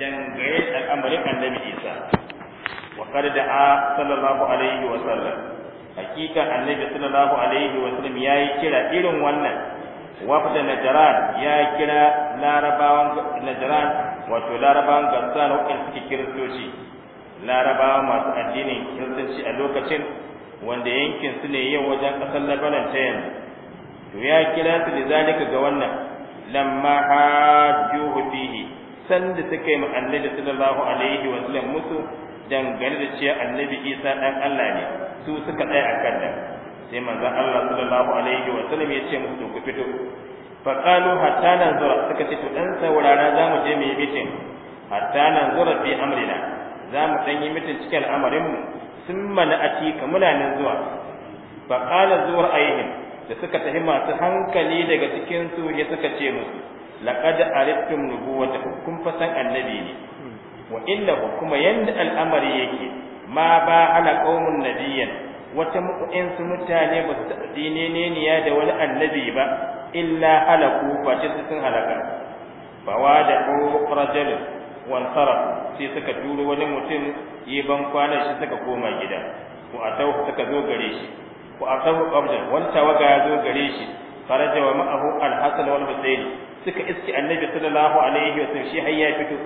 dangane da al'amarin annabi isa wa a sallallahu alaihi wa sallam hakika annabi sallallahu alaihi wa sallam yayi kira irin wannan wafda najran ya kira larabawan najran wato larabawan na waɗanda suke kiristoci larabawa masu addinin kiristoci a lokacin wanda yankin su ne yau wajen ƙasar labanan ta yanzu to ya kira su da zalika ga wannan lamma hajjuhu fihi sanda suka yi ma annabi sallallahu alaihi wa sallam musu dangane da cewa annabi Isa dan Allah ne su suka tsaya kan nan sai manzo Allah sallallahu alaihi wa sallam ya ce musu ku fito fa qalu hatta nanzura suka ce to dan saurara za mu je mu yi mitin hatta nanzura fi amrina za mu dan yi mitin cikin al'amarin mu sun mana atika muna nan zuwa fa qala zuwa aihim da suka tahi masu hankali daga cikin su ya suka ce musu laqad ariftum nubuwatahu kun fa san annabi ne wa innahu kuma yanda al'amari yake ma ba ala qaumun nabiyyan wata mu'insu mutane ba su taɓa dineniya da wani annabi ba illa halaku face su sun halaka fa wada rajul wan sai suka turo wani mutum yi ban kwana shi suka koma gida ko atau suka zo gare shi ko atau qabda wani tawaga ya zo gare shi faraja wa ma'ahu al-hasan wal suka iske annabi sallallahu alaihi wa sallam shi har ya fito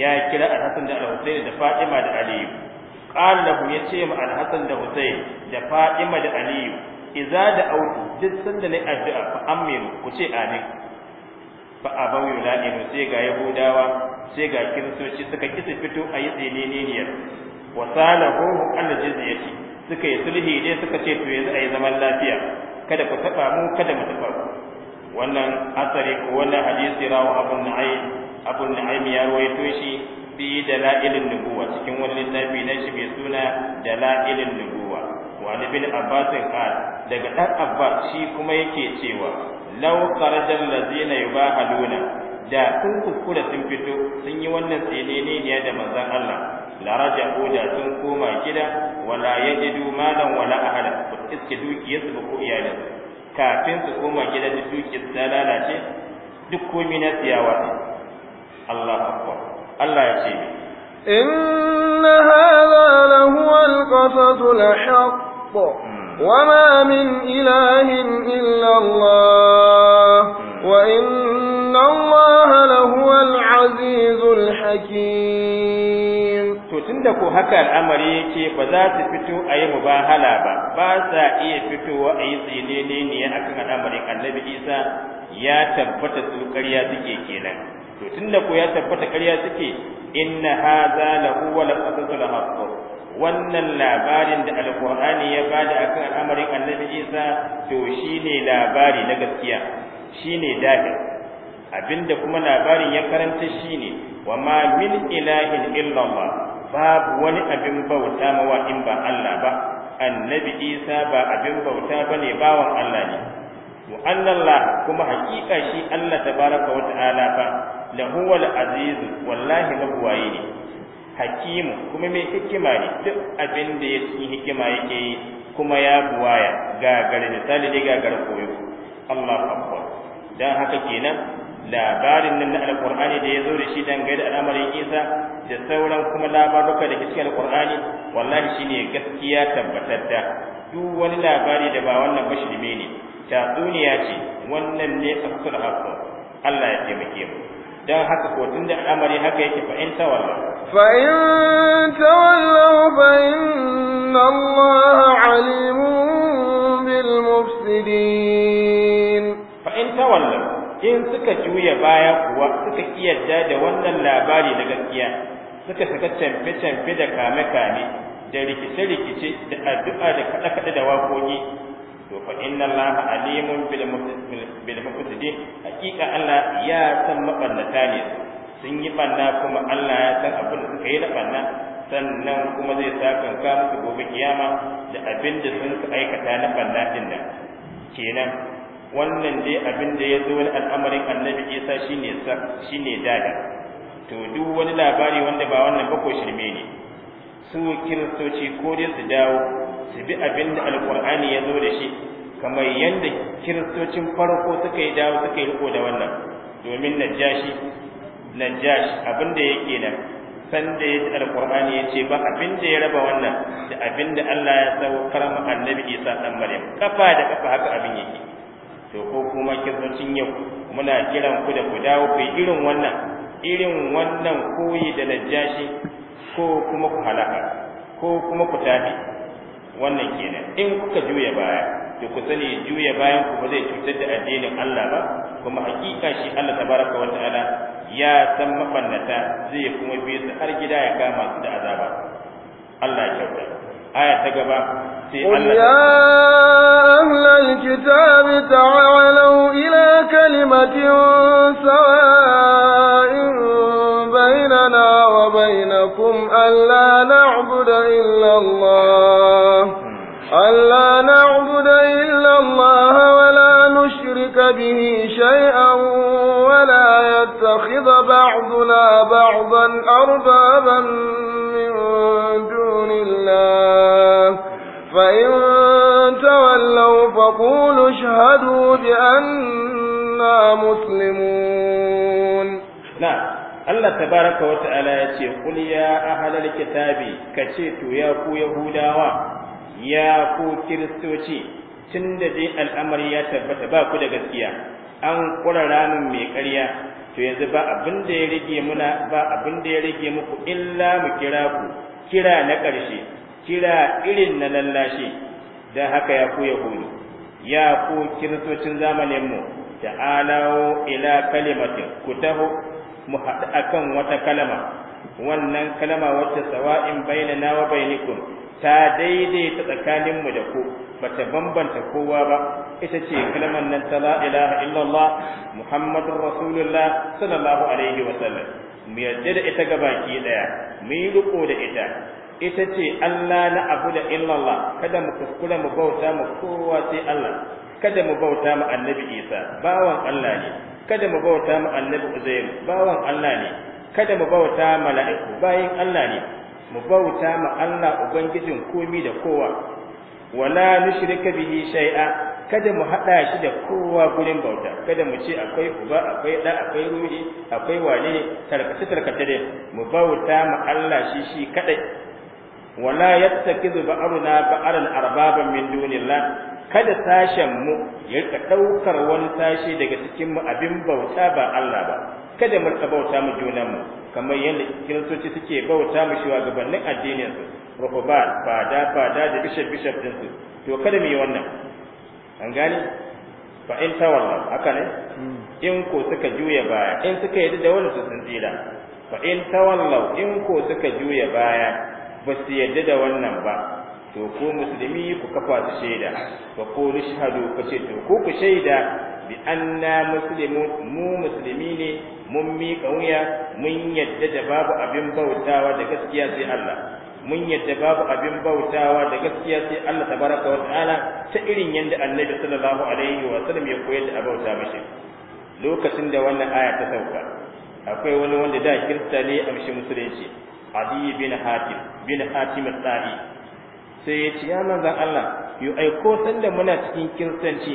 ya kira al-hasan da al-husayn da fatima da aliyu qala ya ce ma al-hasan da husayn da fatima da aliyu idza da autu duk sanda ne addu'a fa amiru ku ce amin fa abawu yulaimu sai ga yahudawa sai ga kiristoci suka kisa fito a yi tsineniyar wa salahu Allah jizyati suka yi sulhi dai suka ce to yanzu ayi zaman lafiya kada ku taba mu kada mu taba ku wannan asari ko wannan hadisi rawa abu nu'aym abu nu'aym ya rawaito shi bi dalailin nubuwa cikin wani littafi na shi mai suna dalailin nubuwa wa ibn abbas qal daga dan abbas shi kuma yake cewa law kharaja allazina yubahaluna da kun kuskura sun fito sun yi wannan tsenene ne da manzon Allah la raja'u da sun koma gida wala yajidu malan wala ahada iske dukiyarsu ba ko iyalinsu kafin su koma gida da dukiyar ta lalace duk komai na tsiyawa ne Allah akbar Allah ya ce إن هذا لهو القصص الحق وما من إله إلا الله وإن الله لهو العزيز الحكيم to tunda ko haka al'amari yake ba za su fito a yi mubahala ba ba sa iya fitowa a yi tsilene ne a kan al'amarin annabi isa ya tabbata su ƙarya suke kenan to tunda ko ya tabbata ƙarya suke inna hadha la huwa la qasasul haqq wannan labarin da alqur'ani ya bada akan al'amarin annabi isa to shine labari na gaskiya shine dadi abinda kuma labarin ya karanta shine wa ma min ilahin illallah babu wani abin bauta mawa in ba Allah ba annabi Isa ba abin bauta bane bawan Allah ne wa kuma hakika shi Allah tabaraka wa ta'ala huwa al aziz wallahi mabwayi ne hakimu kuma mai hikima ne duk abin da ya cikin hikima yake yi kuma ya buwaya ga gare misali ne ga gare koyo Allah akbar dan haka kenan labarin nan na alkur'ani da ya zo da shi dangane da al'amarin isa da sauran kuma labaruka da ke cikin alkur'ani wallahi ne gaskiya tabbatadda duk wani labari da ba wannan ba shirme ne tatsuniya ce wannan ne tafsir hakku Allah ya taimake mu dan haka ko tunda al'amari haka yake fa in tawalla fa fa inna Allah alimun bil mufsidin fa in in suka juya baya kuwa suka kiyarda da wannan labari da gaskiya suka saka canfe-canfe da kame-kame da rikice-rikice da addu'a da kaɗe-kaɗe da waƙoƙi to fa inna Allah alimun bil hakika Allah ya san mabannata ne sun yi banna kuma Allah ya san abin da suka yi na banna sannan kuma zai sa kanka musu gobe kiyama da abin da sun aikata na banna din nan kenan wannan dai abin da ya zo na al'amarin annabi isa shine shine dada, to duk wani labari wanda ba wannan ba ko shirme ne su kiristoci ko dai su dawo su bi abin da alkur'ani ya zo da shi kamar yadda kiristocin farko suka yi dawo suka yi riko da wannan domin najashi najashi abin da ya nan san da ya ji alkur'ani ya ce ba abin da ya raba wannan da abin da Allah ya saukar mu annabi Isa dan Maryam kafa da kafa haka abin yake to ko kuma kirtocin yau muna kiran ku da ku dawo ku irin wannan irin wannan koyi da najashi ko kuma ku halaka ko kuma ku tafi wannan kenan in kuka juya baya to ku sani juya bayan ku ba zai cutar da addinin Allah ba kuma hakika shi Allah tabaraka wa ta'ala ya san mabannata zai kuma bi su har gida ya kama su da azaba Allah ya kyauta آية تقبى قل يا أهل الكتاب تعالوا إلى كلمة سواء بيننا وبينكم ألا نعبد إلا الله ألا نعبد إلا الله ولا نشرك به شيئا ولا يتخذ بعضنا بعضا أربابا Na بأننا مسلمون نعم Allah tabaraka wa ta'ala ya ce kul ya ahlal kitabi kace to ya ku yahudawa ya ku kiristoci tunda dai al'amari tabbata ba da gaskiya an kura ramin mai ƙarya to yanzu ba abin da ya rage muna muku illa mu kira ku kira na ƙarshe kira irin na lallashi da haka ya ku yahudu ya ku kiristocin zamaninmu ta alawo ila kalimatin ku taho mu haɗu kan wata kalama wannan kalama wacce sawa'in na wa bainikum ta daidaita tsakaninmu da ku Ba ta bambanta kowa ba ita ce kalmar nan ta la ilaha illallah muhammadur rasulullah sallallahu alaihi wa mu yarda da ita ga baki ɗaya, mu yi da ita ita ce Allah na abu da illallah kada mu kuskura mu bauta mu kowa sai Allah kada mu bauta mu annabi Isa bawan Allah ne kada mu bauta mu annabi Uzair bawan Allah ne kada mu bauta mala'iku bayin Allah ne mu bauta mu Allah ubangijin komi da kowa wala nushrika bihi shay'a kada mu hada shi da kowa gurin bauta kada mu ce akwai uba akwai da akwai ruhi akwai wani tarkace tarkace dai mu bauta mu Allah shi shi kadai wala yattakizu ba'aruna ba'aran arbaban min dunillah kada sashen mu ya rika daukar wani sashi daga cikin mu abin bauta ba Allah ba kada mu rika bauta mu junan mu kamar yadda kiristoci suke bauta mu shugabannin addinin su ruhuban fada fada da bishop bishop din su to kada mu yi wannan an gane fa in tawalla haka ne in ko suka juya baya in suka yi da wani su sun tsira fa in tawallau in ko suka juya baya ba su yadda da wannan ba to ko musulmi ku kafa su shaida fa ko nishhadu ku ce to ko ku shaida bi anna muslimu mu musulmi ne mun mi kauya mun yadda da babu abin bautawa da gaskiya sai Allah mun yadda babu abin bautawa da gaskiya sai Allah tabaraka wa ta'ala ta irin yanda Annabi sallallahu alaihi wa sallam ya koyar da bauta mashi lokacin da wannan aya ta sauka akwai wani wanda da kirista ne amshi musulunci adi bin hatim bin hatim al-tsari sai ya ce ya manzan Allah yi aiko sanda muna cikin kirsanci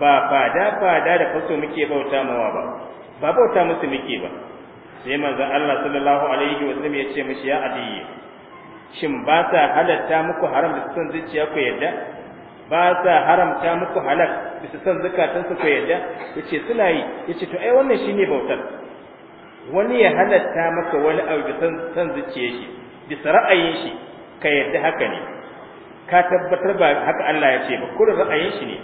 ba fada fada da faso muke bauta mawa ba ba bauta musu muke ba sai manzan Allah sallallahu alaihi wa sallam ya ce mishi ya adi shin ba sa halatta muku haram da son zuciya ku yadda ba sa haramta muku halak su san zukatansu ku yadda ce suna yi yace to ai wannan shine bautar wani ya halatta maka wani abu bisan san zuciye shi bisa ra'ayin shi ka yadda haka ne ka tabbatar ba haka Allah ya ce ba kula ra'ayin shi ne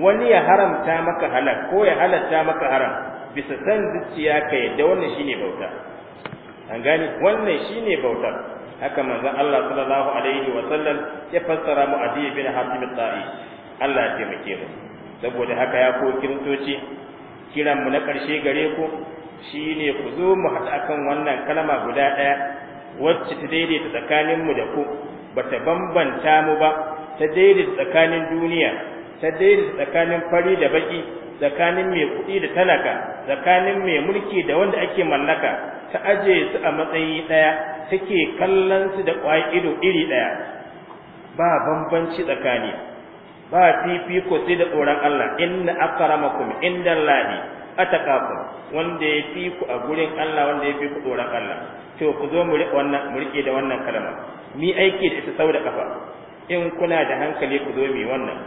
wani ya haramta maka halal ko ya halatta maka haram bisa san zuciya ka yadda wannan shine bauta an gane wannan shine bautar haka manzon Allah sallallahu alaihi wa sallam ya fassara mu Adi bin Hatim al-Ta'i Allah ya taimake mu saboda haka ya ko kiristoci kiran mu na karshe gare ku Shi ne ku zo mu haɗu akan wannan kalama guda ɗaya wacce ta daidaita tsakanin mu da ku ba ta bambanta mu ba ta daidaita tsakanin duniya ta daidaita tsakanin fari da baki tsakanin mai kuɗi da talaka tsakanin mai mulki da wanda ake mallaka ta aje su a matsayi ɗaya take kallon su da ƙwai ido iri ɗaya ba bambanci tsakani ba fifiko sai da tsoron Allah inna akramakum indallahi ataqakum wanda ya fi ku a gurin Allah wanda ya fi ku tsoron Allah to ku zo mu riƙe wannan mu rike da wannan kalma mi aiki da ita sau da kafa in kuna da hankali ku zo mi wannan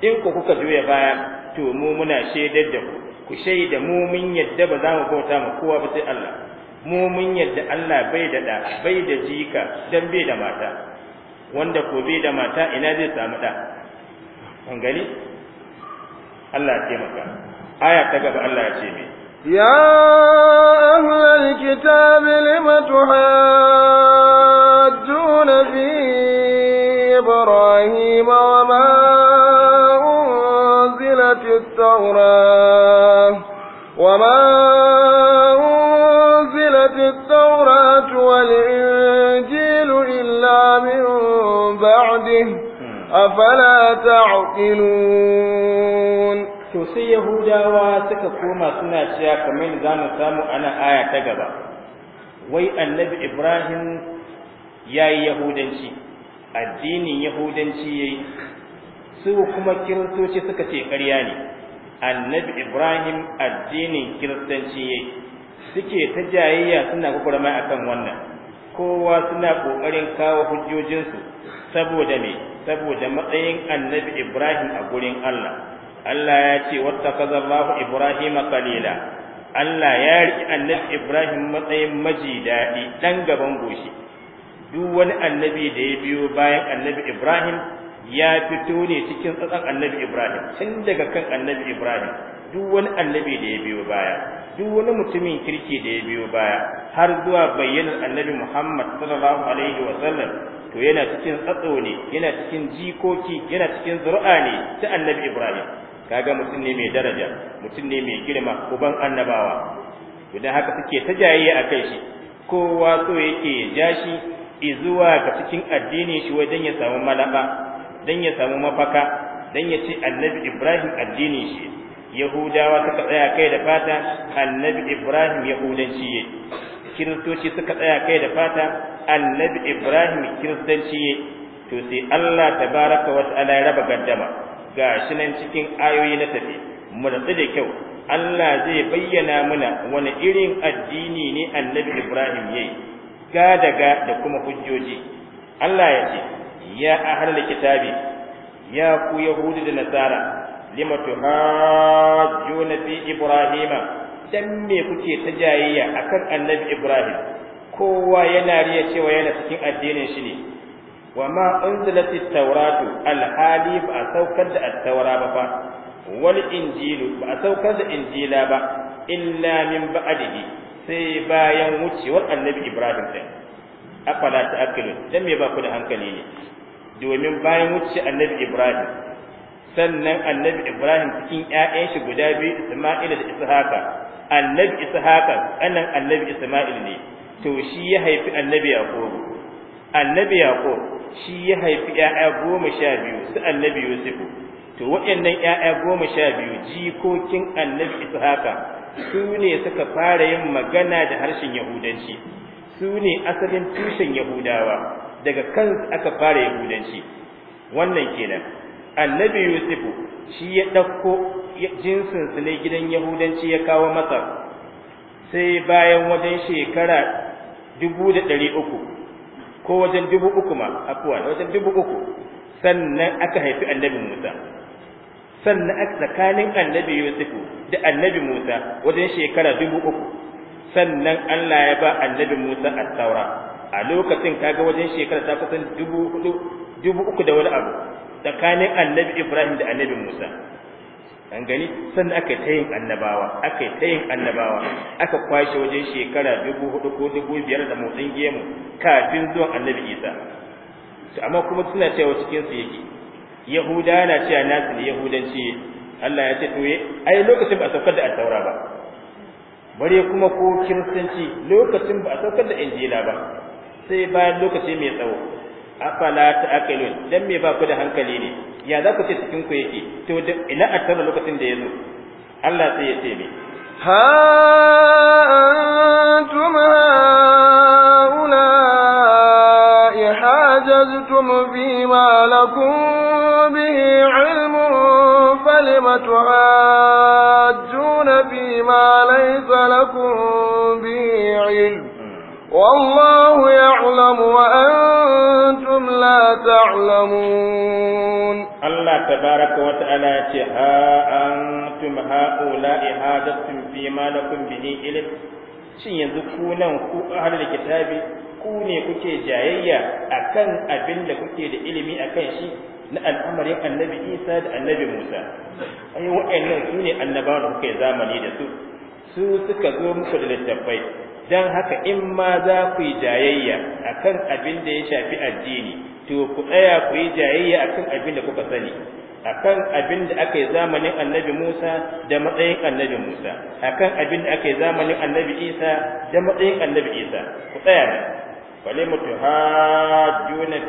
in ku kuka juya baya to mu muna shaidar da ku ku shaida mu mun yadda ba za mu bauta ma kowa ba sai Allah mu mun yadda Allah bai da da bai da jika dan bai da mata wanda ko bai da mata ina zai samu da kun gani Allah ya taimaka aya ta gaba Allah ya ce me ya ahlal kitab lima tuhajjuna fi ibrahim wa ma unzilat at-taurah wa ma unzilat at-taurah wal injil illa min ba'dihi afala ta'qilun sai yahudawa suka koma suna cewa kamar da mu samu ana aya ta gaba wai annabi ibrahim yayi yahudanci addinin yahudanci yayi su kuma kiristoci suka ce ƙarya ne annabi ibrahim addinin kiristanci yayi suke ta jayayya suna kukurma akan wannan kowa suna ƙoƙarin kawo hujjojinsu saboda me saboda matsayin annabi ibrahim a gurin allah Allah ya ce wattakaza Allahu Ibrahim qalila Allah ya riki annabi Ibrahim matsayin maji daɗi dan gaban goshi duk wani annabi da ya biyo bayan annabi Ibrahim ya fito ne cikin tsatsan annabi Ibrahim tun daga kan annabi Ibrahim duk wani annabi da ya biyo baya duk wani mutumin kirki da ya biyo baya har zuwa bayyanar annabi Muhammad sallallahu alaihi wa sallam to yana cikin tsatso ne yana cikin jikoki yana cikin zuri'a ne ta annabi Ibrahim kaga mutum ne mai daraja mutum ne mai girma uban annabawa idan haka suke ta jayayya a kai shi kowa so yake ya ja shi izuwa ga cikin addini shi wajen ya samu malaba dan ya samu mafaka dan ya ce annabi ibrahim addini shi yahudawa suka tsaya kai da fata annabi ibrahim yahudanci ne kiristoci suka tsaya kai da fata annabi ibrahim kiristanci ne to sai allah tabaraka wa ta'ala ya raba gaddama Ga shi nan cikin ayoyi na tafi mu da kyau Allah zai bayyana mana wani irin addini ne annabi Ibrahim yayi ga daga da kuma hujjoji Allah ya ce ya ahlul kitabi ya ku yahudi da nasara lima tuhajjuna fi ibrahima dan me kuke ta jayayya akan annabi Ibrahim kowa yana riya cewa yana cikin addinin shi ne wa ma unzilati tawratu alhali ba a saukar da at ba fa wal injilu ba a saukar da injila ba illa min ba'dihi sai bayan wucewar annabi ibrahim din afala ta'qilun dan me ba ku da hankali ne domin bayan wuce annabi ibrahim sannan annabi ibrahim cikin ƴaƴan shi guda biyu isma'ila da ishaqa annabi ishaqa anan annabi isma'il ne to shi ya haifi annabi yaqub annabi yaqub shi ya haifi ƴaƴa goma sha biyu su annabi yusufu to waɗannan ƴaƴa goma sha biyu jikokin annabi ishaka su ne suka fara yin magana da harshen yahudanci su ne asalin tushen yahudawa daga kansu aka fara yahudanci wannan kenan annabi yusufu shi ya ɗauko jinsin su ne gidan yahudanci ya kawo masa sai bayan wajen shekara dubu da ɗari uku ko wajen dubu uku ma afuwa wajen dubu uku sannan aka haifi annabi Musa sannan aka tsakanin annabi Yusuf da annabi Musa wajen shekara dubu uku sannan Allah ya ba annabi Musa at-Taura a lokacin kaga wajen shekara ta kusan dubu dubu uku da wani abu tsakanin annabi Ibrahim da annabi Musa an gani sannan aka ta yin annabawa aka ta yin annabawa aka kwashe wajen shekara dubu ko dubu biyar da motsin gemu kafin zuwan annabi isa to amma kuma suna cewa cikin su yake yahuda na cewa nasu ne yahudanci Allah ya ce to ai lokacin ba a saukar da attaura ba bare kuma ko kiristanci lokacin ba a saukar da injila ba sai bayan lokaci mai tsawo afala ta'qilun dan me ba ku da hankali ne ya za ku ce cikin ku yake to da ina a tara lokacin da yazo Allah sai ya ce me ha antum haula ihajaztum bima lakum bihi ilmun falima tuhajjuna bima laysa lakum bihi ilm والله يعلم وأنتم تعلمون الله تبارك وتعالى ها أنتم هؤلاء هاجرتم فيما لكم به علم shin yanzu ku nan ku ahlul kitabi ku ne kuke jayayya akan abin da kuke da ilimi akan shi na al'amarin annabi Isa da annabi Musa ai wa'annan su ne annabawan da kuke zamani da su su suka zo muku da littattafai dan haka in ma za ku yi jayayya akan abin da ya shafi addini to ku tsaya ku yi jayayya akan abin da kuka sani akan abin da aka yi zamanin annabi Musa da matsayin annabi Musa akan abin da aka yi zamanin annabi Isa da matsayin annabi Isa ku tsaya ne wale mutu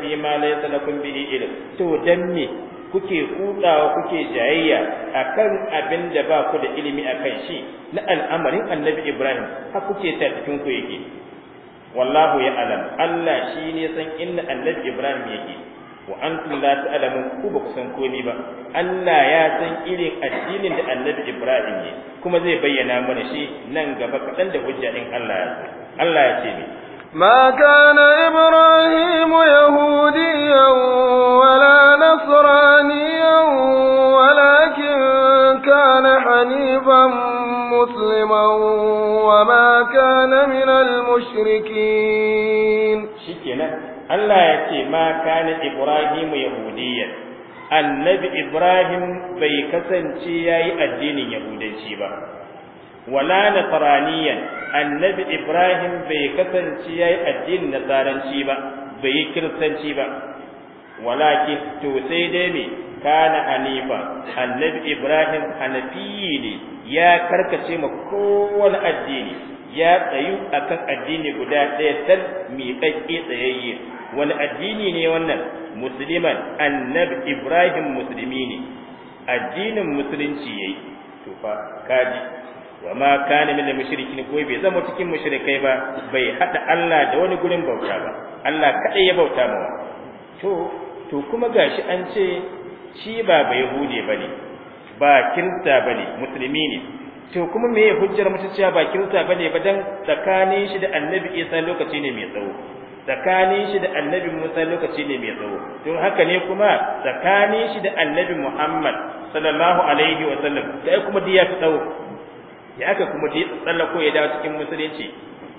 fi ma laysa lakum bihi ilm to dan me kuke kutsawa kuke jayayya akan abin da ba ku da ilimi akan shi na al'amarin annabi Ibrahim har kuke ta cikin ku yake والله يعلم الا شي ني سان ان الله ابراهيم يجي وانتم لا تعلمون كوبا كسان كوني با الله يا سان ايرين الدين الله ابراهيم يجي كما زي بينا من الشيء نان غبا كدان ده حجه ان الله الله يجي ما كان ابراهيم يهوديا ولا نصرانيا ولكن كان حنيفا مسلما وما كان من المشركين شكنا الله يتي ما كان إبراهيم يهوديا النبي إبراهيم بيكسن شيئا الدين يهودي ولا نصرانيا النبي إبراهيم بيكسن شيئا الدين نصارنشي با بيكرسنشي با ولكن تو سيدني kana hanifa annabi ibrahim hanafi ne ya karkace ma kowane addini ya tsayu akan addini guda ɗaya sal miƙaƙƙe tsayayye wani addini ne wannan musliman annabi ibrahim musulmi ne addinin musulunci yayi to fa kaji wa ma kana min mushrikin ko bai zama cikin mushrikai ba bai hada Allah da wani gurin bauta ba Allah kadai ya bauta mawa to to kuma gashi an ce shi ba bai hude bane ba kirista bane musulmi ne to kuma me ya hujjar mutunciya ba kirista bane ba dan tsakanin shi da annabi Isa lokaci ne mai tsawo tsakanin shi da annabi Musa lokaci ne mai tsawo to haka ne kuma tsakanin shi da annabi Muhammad sallallahu alaihi wa sallam sai kuma dai ya tsawo ya aka kuma dai tsallako ya dawo cikin musulunci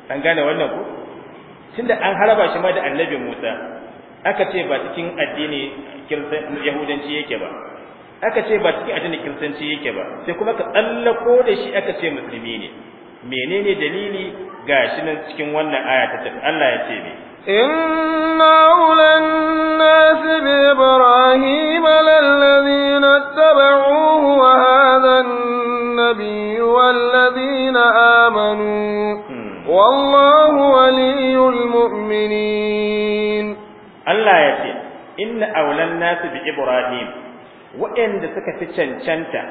an gane wannan ko tunda an haraba shi ma da annabi Musa aka ce ba cikin addini kirsa yahudanci yake ba aka ce ba cikin addinin kristanci yake ba sai kuma ka tsallako da shi aka ce musulmi ne menene dalili gashi nan cikin wannan aya ta tafi Allah ya ce ne inna ulan nas bi ibrahim alladhina ittaba'uhu wa hadha an-nabiy walladhina amanu wallahu waliyul mu'minin Allah ya ce inna ulan nas bi ibrahim waɗanda suka fi cancanta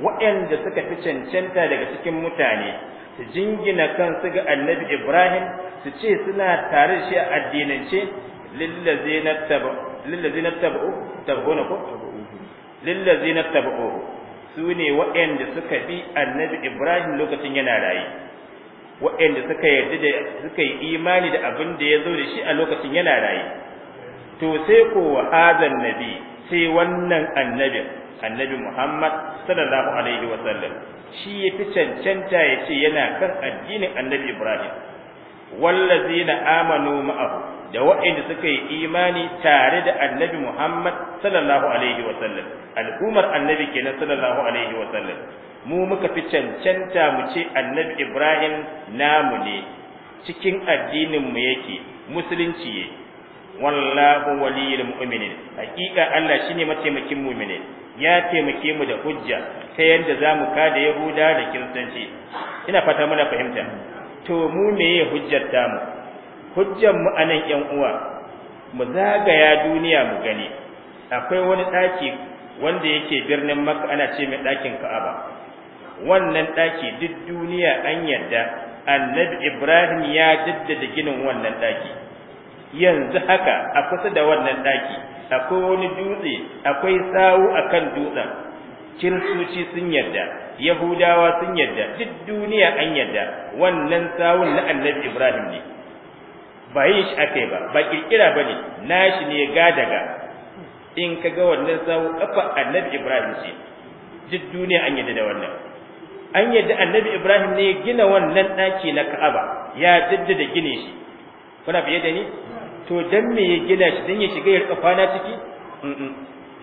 waɗanda suka fi cancanta daga cikin mutane su jingina kansu ga annabi Ibrahim su ce suna tare da shi a addinance lillazina tabu lillazina tabu tabuna ko lillazina tabu su ne waɗanda suka bi annabi Ibrahim lokacin yana rayi waɗanda suka yarda da suka yi imani da abin da ya zo da shi a lokacin yana rayi to sai ko wa hadan nabi sai wannan annabi, annabi Muhammad sallallahu alaihi wa sallam shi yafi cancanta yace yana kan addinin annabi Ibrahim wallazina amanu ma'ahu da wa'inda suka yi imani tare da annabi Muhammad sallallahu alaihi wa sallam al'ummar annabi kenan sallallahu alaihi wa sallam mu muka fi cancanta mu ce annabi Ibrahim namu ne cikin addinin mu yake musulunci yake wallahu waliyul mu'minin hakika Allah shine mataimakin mu'mini ya taimake mu da hujja ta yadda zamu kada yahuda da kiristanci ina fata muna fahimta to mu meye hujjar ta mu hujjar mu anan yan uwa mu zagaya duniya mu gani akwai wani daki wanda yake birnin Makka ana ce mai dakin Ka'aba wannan daki duk duniya an yarda. Annabi Ibrahim ya jaddada ginin wannan daki yanzu haka a kusa da wannan daki akwai wani dutse akwai sawu akan dutsen Kirsuci sun yarda yahudawa sun yarda duk duniya an yarda wannan sawun na annabi ibrahim ne ba yin shi aka yi ba ba kirkira ba ne nashi ne ga daga in ka ga wannan sawu kafa annabi ibrahim ce duk duniya an yarda da wannan an yarda annabi ibrahim ne gina wannan daki na ka'aba ya jaddada gine shi kuna fiye da ni to dan me ya gina shi dan ya shiga ya rika kwana ciki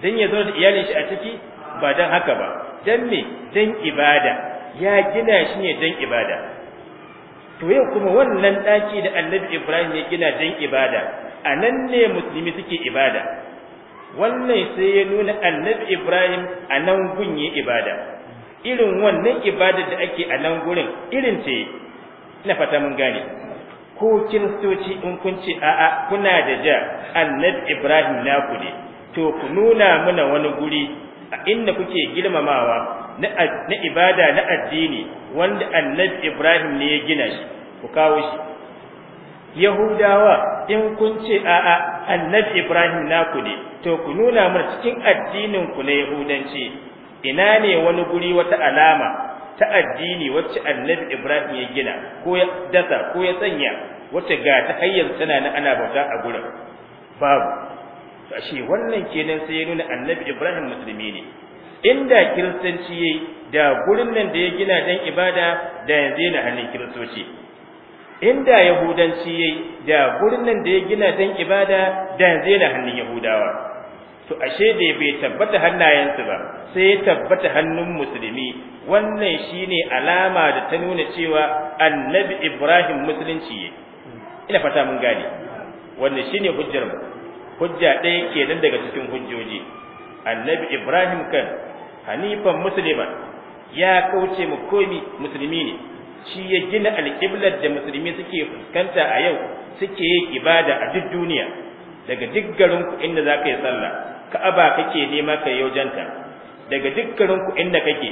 dan ya zauna da iyalin shi a ciki ba dan haka ba dan me dan ibada ya gina shi ne dan ibada to yau kuma wannan daki da Annabi Ibrahim ya gina dan ibada anan ne musulmi suke ibada wannan sai ya nuna Annabi Ibrahim anan gunye ibada irin wannan ibada da ake a nan gurin irin ce na fata mun gane ko kiristoci in kun ce a'a kuna da ja annabi ibrahim naku ne to ku nuna mana wani guri a inda kuke girmamawa na ibada na addini wanda annabi ibrahim ne ya gina shi ku kawo shi yahudawa in kun ce a'a annabi ibrahim naku ne to ku nuna mana cikin addinin ku na yahudanci ina ne wani guri wata alama ta addini wacce annabi Ibrahim ya gina ko ya dasa ko ya sanya wacce ga ta hanyar tana na ana bauta a gurin babu ashe wannan kenan sai ya nuna annabi Ibrahim musulmi ne inda kiristanci yayi da gurin nan da ya gina dan ibada da yanzu yana hannun kiristoci inda yahudanci yayi da gurin nan da ya gina dan ibada da yanzu yana hannun yahudawa to ashe da bai tabbata hannayensu ba sai ya tabbata hannun musulmi wannan shine alama da ta nuna cewa annabi ibrahim musulunci ne ina fata mun gane wannan shine hujjar mu hujja ɗaya kenan daga cikin hujjoji annabi ibrahim kan hanifan musulma ya kauce mu komi musulmi ne shi ya gina alƙiblar da musulmi suke fuskanta a yau suke yi ibada a duk duniya daga duk garinku inda za ka yi sallah ka'aba kake nema ka yi ka, daga dukkanin kuɗin da kake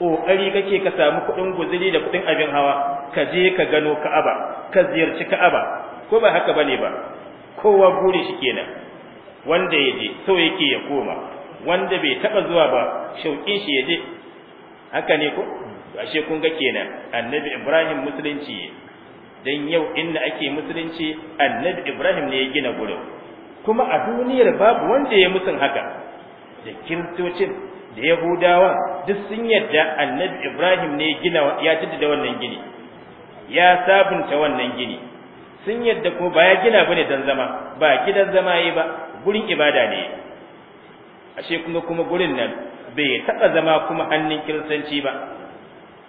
ƙoƙari kake ka samu kuɗin guzuri da kuɗin abin hawa ka je ka gano ka'aba ka ziyarci ka'aba ko ba haka bane ba kowa guri shi kenan wanda ya je so yake ya koma wanda bai taɓa zuwa ba shauƙin shi ya je haka ne ko ashe kun ga kenan annabi ibrahim musulunci dan yau inda ake musulunci annabi ibrahim ne ya gina gurin kuma a duniyar babu wanda ya mutun haka da kiristocin da yahudawa duk sun yadda annabi ibrahim ne gina ya da wannan gini ya sabunta wannan gini sun yadda ko ba ya gina bane dan zama ba gidan zama yayi ba gurin ibada ne ashe kuma kuma gurin nan bai taba zama kuma hannun kiristanci ba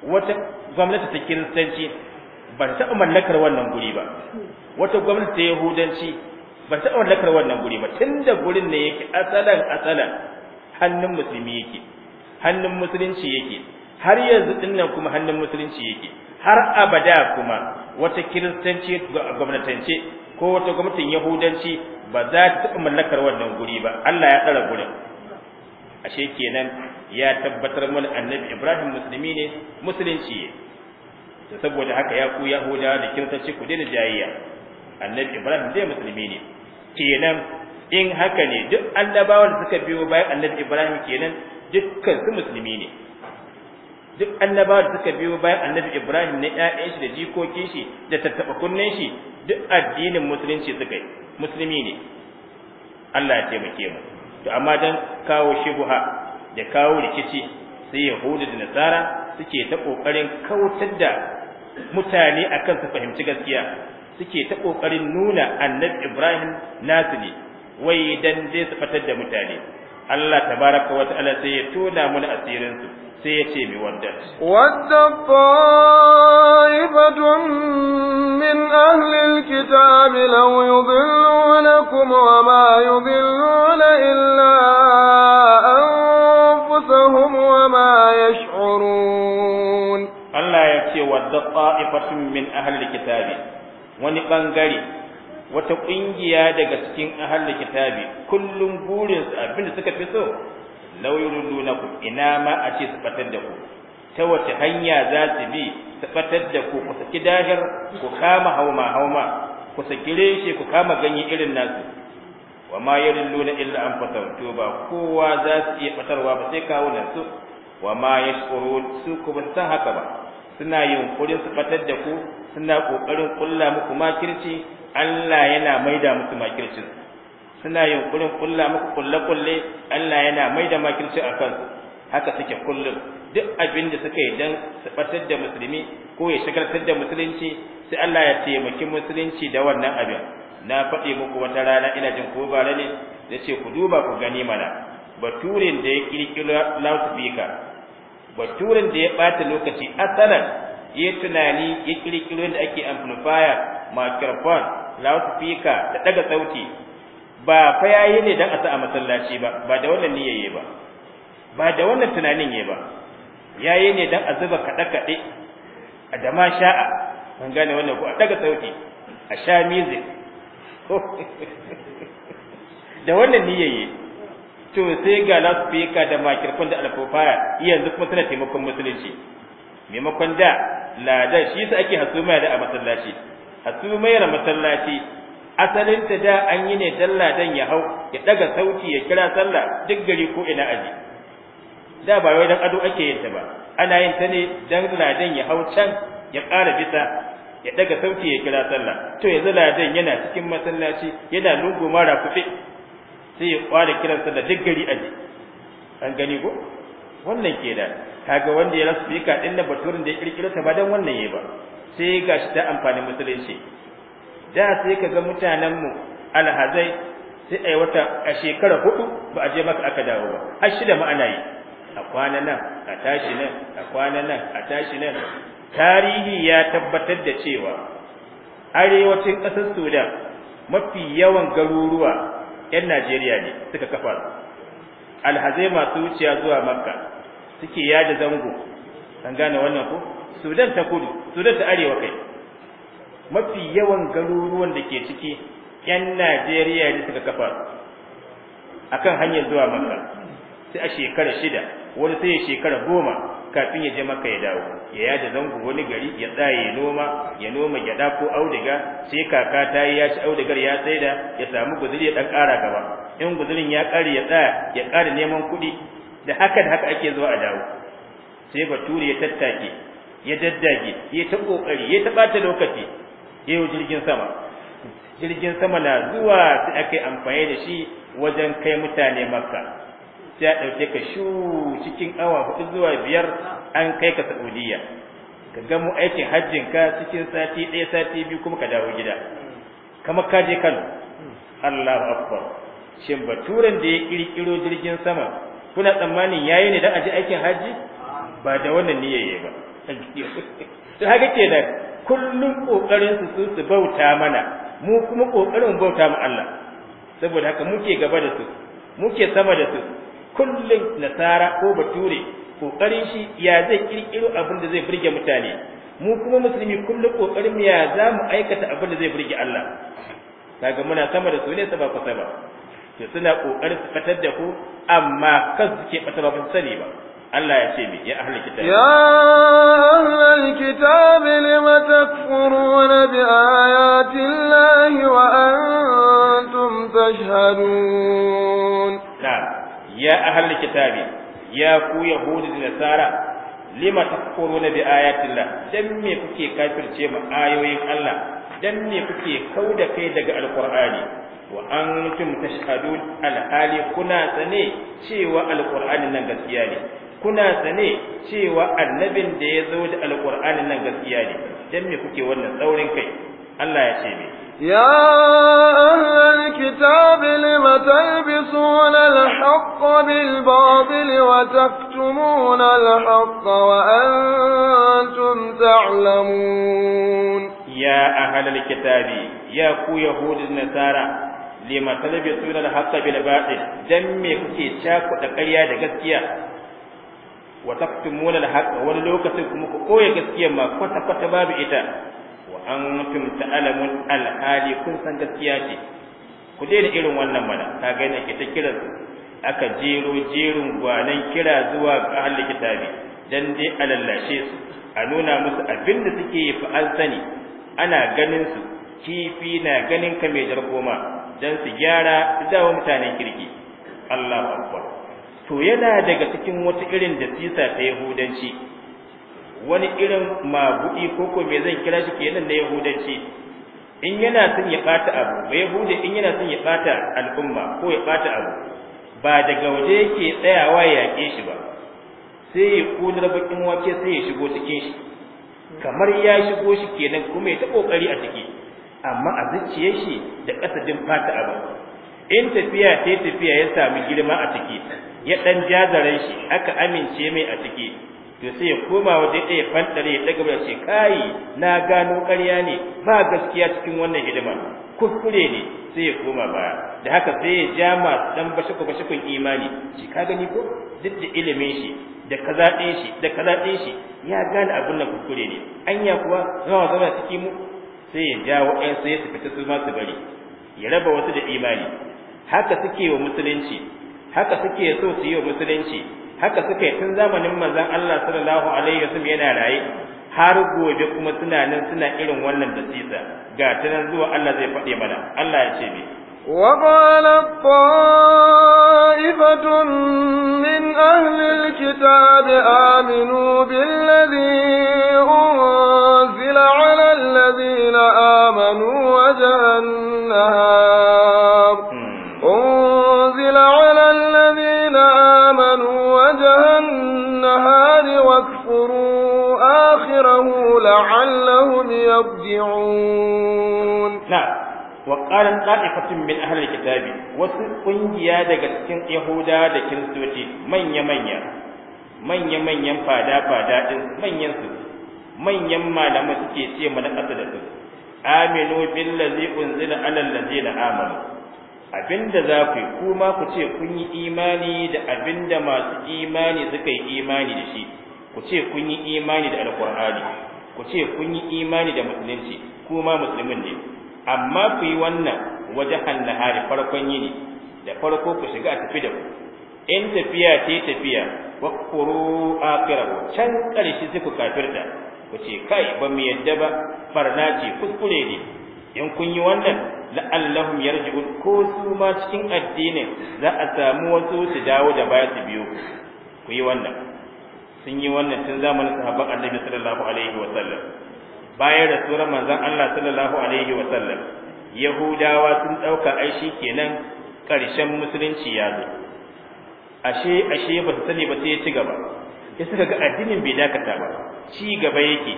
wata gwamnati ta kiristanci ba ta taɓa mallakar wannan guri ba wata gwamnati ta yahudanci ba ta kar wannan guri ba tunda gurin ne yake asalan asalan hannun musulmi yake hannun musulunci yake har yanzu dinnan kuma hannun musulunci yake har abada kuma wata kiristanci gwamnatance ko wata gwamnatin yahudanci ba za ta taɓa mallakar wannan guri ba Allah ya tsara gurin ashe kenan ya tabbatar mana annabi Ibrahim musulmi ne musulunci ne saboda haka ya ku yahudawa da kiristanci ku daina jayayya annabi ibrahim zai musulmi ne kenan in haka ne duk annabawan da suka biyo bayan annabi ibrahim kenan dukkan su musulmi ne duk annabawan da suka biyo bayan annabi ibrahim na ƴaƴan shi da jikokin shi da tattaɓa kunnen shi duk addinin musulunci suka yi musulmi ne Allah ya taimake mu to amma dan kawo shubha da kawo rikici sai yahudu da nasara suke ta kokarin kautar da mutane akan su fahimci gaskiya suke ta kokarin nuna annabi Ibrahim nasu wai dan dai su fatar da mutane Allah tabaraka wa ta'ala sai ya tona mana asirin su sai ya ce mi wanda wadda ibadun min ahli alkitab law yudhillunakum wa ma yudilluna illa anfusuhum wa ma yash'urun Allah ya ce wadda fa'ibatun min ahli alkitab wani bangare wata kungiya daga cikin ahlul kitabi kullum burinsu su abinda suka fi so law ku ina ma a ce su batar da ku ta wace hanya za su bi su batar da ku ku saki dahir ku kama hauma hauma ku saki reshe ku kama ganye irin nasu wa ma yuridduna illa fatar to ba kowa za su iya batarwa ba sai kawo nan su wa ma yashkurun su kuma san haka ba suna yunkurin su fatar da ku suna kokarin kulla muku makirci Allah yana maida muku makircin suna yunkurin kulla muku kulle kulle Allah yana da makirci a kansu haka suke kullum duk abin da suka yi dan su fatar da musulmi ko ya shagaltar da musulunci sai Allah ya taimaki musulunci da wannan abin na faɗi muku wata rana ina jin ko bare yace da ce ku duba ku gani mana baturin da ya kirkiro loudspeaker baturin da ya bata lokaci asana ya tunani ya kirkiro da ake amplifier microphone loudspeaker da daga sauti ba fa yayi ne dan a sa a masallaci ba ba da wannan niyyaye ba ba da wannan tunanin yayi ba yayi ne dan a zuba kada kade a da ma sha'a an gane wannan ko a daga sauti a sha music da wannan niyyaye to sai ga lasfika da makirfan da alfofaya, yanzu kuma suna taimakon musulunci maimakon da lada shi yasa ake hasumaya da a masallaci da masallaci asalin ta da an yi ne dan ladan ya hau ya daga sauti ya kira sallah duk gari ko ina aji da ba wai dan ado ake yin ta ba ana yin ta ne dan ladan ya hau can ya ƙara bisa ya daga sauti ya kira sallah to yanzu ladan yana cikin masallaci yana lungu mara kuɗi sai ya kware kiransa da duk gari aje an gani ko wannan ke da kaga wanda ya rasu fika din da baturin da ya kirkira ta ba dan wannan yayi ba sai gashi ta amfani musulunci da sai kaga mutanen mu alhazai sai ai wata a shekara hudu ba a je maka aka dawo ba a shida ma ana yi a kwana nan a tashi nan a kwana nan a tashi nan tarihi ya tabbatar da cewa arewacin ƙasar Sudan mafi yawan garuruwa 'yan Najeriya ne suka kafa alhazai masu wuciya zuwa makka suke yada zango an gane wannan ko sudan ta kudu sudan ta arewa kai mafi yawan garuruwan da ke ciki 'yan Najeriya ne suka kafa akan hanyar zuwa makka sai a shekara shida wani sai shekara goma kafin ya je maka ya dawo ya yaje zango wani gari ya tsaye noma ya noma gyada ko audiga sai kaka ta yi ya ci audigar ya tsaida ya samu guzuri ya dan ƙara gaba in guzurin ya kare ya tsaya ya ƙara neman kuɗi da haka da haka ake zuwa a dawo sai bature ya tattake ya daddage ya ta kokari ya ta bata lokaci ya yi jirgin sama jirgin sama na zuwa sai aka yi amfani da shi wajen kai mutane makka sai ya ɗauke ka shu cikin awa hudu zuwa biyar an kai ka Saudiya ka gamu aikin hajjin ka cikin sati ɗaya sati biyu kuma ka dawo gida kama ka je Kano Allahu akbar shin baturen da ya ƙirƙiro jirgin sama kuna tsammanin yayi ne a aje aikin hajji? ba da wannan niyyaye ba to haka ke da kullum kokarin su su bauta mana mu kuma kokarin bauta mu Allah saboda haka muke gaba da su muke sama da su kullum nasara ko bature kokarin shi ya zai kirkiro abin da zai burge mutane mu kuma musulmi kullum kokarin ya za mu aikata abin da zai burge Allah kaga muna sama da su ne saba ku saba to suna kokarin su fatar da ku amma kan ke bata ba kun sani ba Allah ya ce me ya ahlul kitab ya ahlul kitab lima takfuruna bi ayati llahi wa antum tashhadun ya ahlul kitabi ya ku yahudu da nasara lima na bi ayatillah dan me kuke kafirce mu ayoyin Allah dan me kuke kauda kai daga alqur'ani wa antum tashhadun alhali kuna sane cewa alqur'anin nan gaskiya ne kuna sane cewa annabin da ya zo da alqur'anin nan gaskiya ne dan me kuke wannan tsaurin kai Allah ya ce mai ya ahlal kitabi limatalbisuna alhaqq bilbatil wa taktumuna alhaqq wa antum ta'lamun ya ahlal kitabi ya ku yahudin nasara limatalbisuna alhaqq bilbatil dan me kuke chaku da ƙarya da gaskiya wa taktumuna alhaqq wani lokacin kuma ku koya gaskiya ma kwata kwata babu ita An alamun alhali kun san gaskiya ce ku daina irin wannan mana ta ga ke ta kiran aka jero jerin gwanan kira zuwa ga halin kitabi dan dai alallashe su a nuna musu abin da suke yi fa an sani ana ganin su kifi na ganin ka mai jarkoma dan su gyara su dawo mutanen kirki Allahu akbar to yana daga cikin wata irin da sisa ta yahudanci wani irin magudi ko ko me zan kira shi kenan na yahudanci in yana son ya bata abu ba yahuda in yana son ya bata al'umma ko ya bata abu ba daga waje yake tsayawa ya yaƙe shi ba sai ya kunar bakin wake sai ya shigo cikin shi kamar ya shigo shi kenan kuma ya ta kokari a ciki amma a zuciyar shi da kasadin fata abu in tafiya ta tafiya ya samu girma a ciki ya dan jazaran shi aka amince mai a ciki to sai ya koma waje ɗaya ya fantare ya daga ya ce kai na gano ƙarya ne ba gaskiya cikin wannan hidima kuskure ne sai ya koma ba. da haka sai ya ja masu dan bashiku bashikun imani shi ka gani ko duk da ilimin shi da kaza ɗin shi da kaza ɗin shi ya gane abin nan kuskure ne anya kuwa zama zama cikin mu sai ya ja waɗansu ya tafi fita su ma bari ya raba wasu da imani haka suke wa musulunci haka suke so su yi wa musulunci haka suka yi tun zamanin manzon Allah sallallahu alaihi wasallam yana raye har gobe kuma suna nan suna irin wannan dasisa ga tunan zuwa Allah zai faɗe mana Allah ya ce me وقال طائفة من أهل الكتاب آمنوا بالذي أنزل على الذين آمنوا وجه النهار لعلهم يرجعون نعم وقال طائفة من أهل الكتاب وسقنجيا daga cikin Yahuda da سوتي من يمن manya من يمن fada فادا فادا من manyan من suke ce mana kasa da su aminu billazi unzila alal ladina amanu abinda za ku yi kuma ku ce kun yi imani da abinda masu imani suka yi imani da shi ku ce kun yi imani da alkur'ani ku ce kun yi imani da musulunci kuma musulmin ne amma ku yi wannan waje hannahari farkon yini da farko ku shiga a tafi da ku in tafiya ce tafiya wa kuru ku can karshe sai ku kafirta ku ce kai ba mu yadda ba farna ce kuskure ne in kun yi wannan la'allahum yarji'un ko su ma cikin addinin za a samu wasu su dawo da baya su biyo ku yi wannan sun yi wannan tun zamanin sahabban annabi sallallahu alaihi wa sallam bayan rasuwar manzon Allah sallallahu alaihi wa sallam yahudawa sun dauka ai kenan karshen musulunci ya zo ashe ashe ba su sani ba sai ya ci gaba sai suka ga addinin bai dakata ba ci gaba yake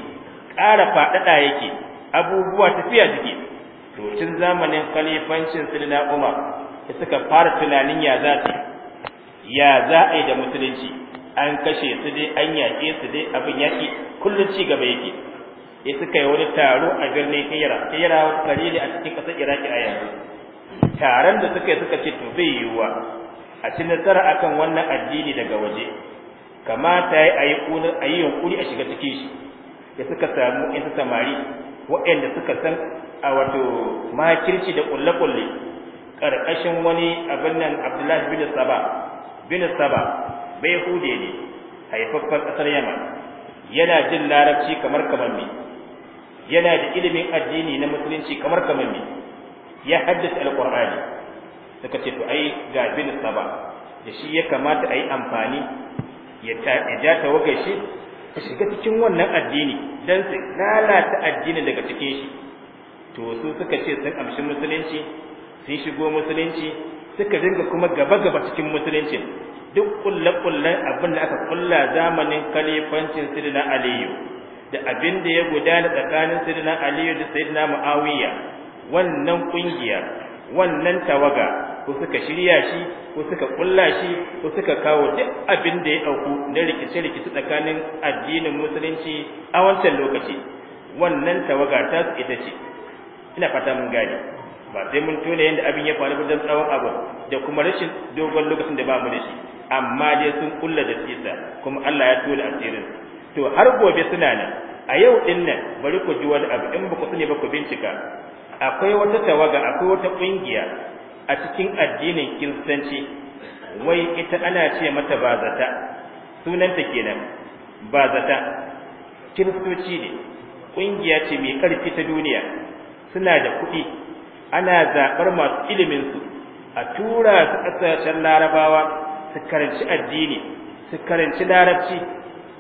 ƙara faɗaɗa yake abubuwa tafiya jike to tun zamanin khalifancin sirna umar da suka fara tunanin ya za ya za a yi da musulunci an kashe su dai an yaƙe su dai abin yaƙi kullum ci gaba yake ya suka yi wani taro a birnin Hira Hira kare ne a cikin ƙasar Iraki a yanzu taron da suka yi suka ce to zai yiwuwa a ci nasara akan wannan addini daga waje kamata ya yi a yi yunƙuri a shiga cikin shi ya suka samu yan samari waɗanda suka san a wato makirci da ƙulle-ƙulle ƙarƙashin wani abin nan Abdullahi bin Saba bin Saba bai hude ne haifaffen ƙasar yaman yana jin larabci kamar kamar yana da ilimin addini na musulunci kamar kamar ya haddace alkur'ani suka ce to ai ga bin saba da shi ya kamata a yi amfani ya ja ta waga shi ta shiga cikin wannan addini don su lalata addini daga cikin shi to su suka ce sun amshi musulunci sun shigo musulunci suka dinga kuma gaba gaba cikin musulunci. duk kulle-kullen abin da aka kulla zamanin kalifancin sirina aliyu da abin da ya gudana tsakanin sirina aliyu da sayidina mu'awiya wannan kungiya wannan tawaga ko suka shirya shi ko suka kulla shi ko suka kawo duk abin da ya dauko na rikice-rikice tsakanin addinin musulunci a wancan lokaci wannan tawaga ta su ita ce ina fata mun gane ba sai mun tona yadda abin ya faru da tsawon abu da kuma rashin dogon lokacin da ba mu da shi amma dai sun kulla da tsisa kuma Allah ya tura asirin to har gobe suna nan a yau din nan bari ku ji wani abu in ba ku sani ba ku bincika akwai wata tawaga akwai wata kungiya a cikin addinin kiristanci wai ita ana ce mata bazata sunanta kenan bazata kiristoci ne kungiya ce mai karfi ta duniya suna da kuɗi ana zaɓar masu iliminsu a tura su ƙasashen larabawa su karanci addini su karanci larabci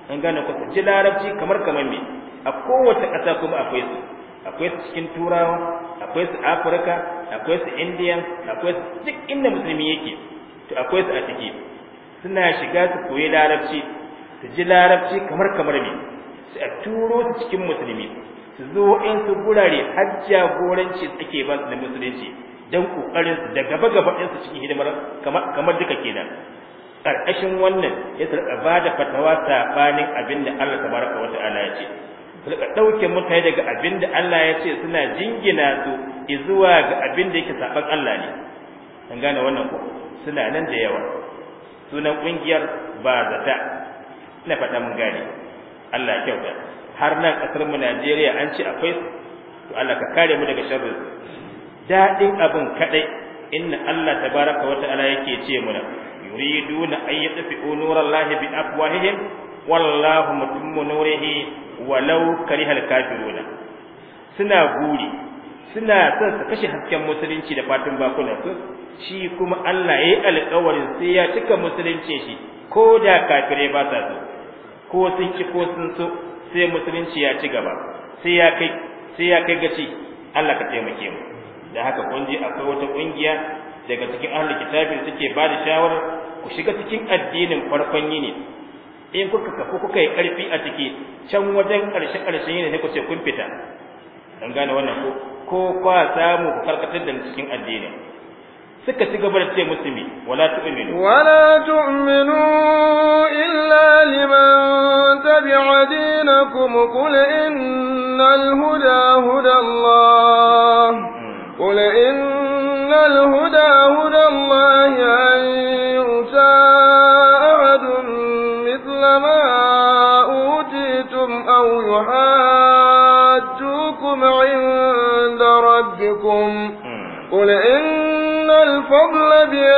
an gane ku su ji larabci kamar kamar me a kowace ƙasa kuma akwai su akwai su cikin turawa akwai su afirka akwai su indiyan akwai su duk inda musulmi yake to akwai su a ciki suna shiga su koyi larabci su ji larabci kamar kamar me su a turo su cikin musulmi su zo in su gurare hajja goranci suke ba su da musulunci don kokarin su da gaba gaba ɗin su cikin hidimar kamar duka kenan karkashin wannan ya tsarka ba da fatawa sabanin abin da Allah tabaraka wa ta'ala ya ce tsarka dauke mutane daga abin da Allah ya ce suna jingina su zuwa ga abin da yake sabon Allah ne an gane wannan ko suna nan da yawa sunan kungiyar ba zata ina fata mun gane Allah ya kyauta har nan kasar mu Najeriya an ce akwai to Allah ka kare mu daga sharri dadin abin kadai inna Allah tabaraka wa ta'ala yake ce mana yuriduna an yatfi'u nurallahi bi afwahihim wallahu mutimmu nurihi walau karihal kafiruna suna guri suna son su kashe hasken musulunci da fatan bakunan su shi kuma Allah yi alƙawarin sai ya cika musulunci shi ko da kafirai ba sa so ko sun ki ko sun so sai musulunci ya ci gaba sai ya kai sai ya kai gaci Allah ka taimake mu da haka kun ji akwai wata kungiya daga cikin ahlul kitabin suke ba da shawara ku shiga cikin addinin farkon yini in kuka kafu kuka yi karfi a ciki can wajen ƙarshe karshen yini ne ku ce kun fita don gane wannan ko ko kwa samu ku karkatar da cikin addinin suka ci gaba da ce musulmi wala tu'minu wala tu'minu illa liman tabi'a dinakum qul innal huda huda Allah hmm. qul innal huda huda Allah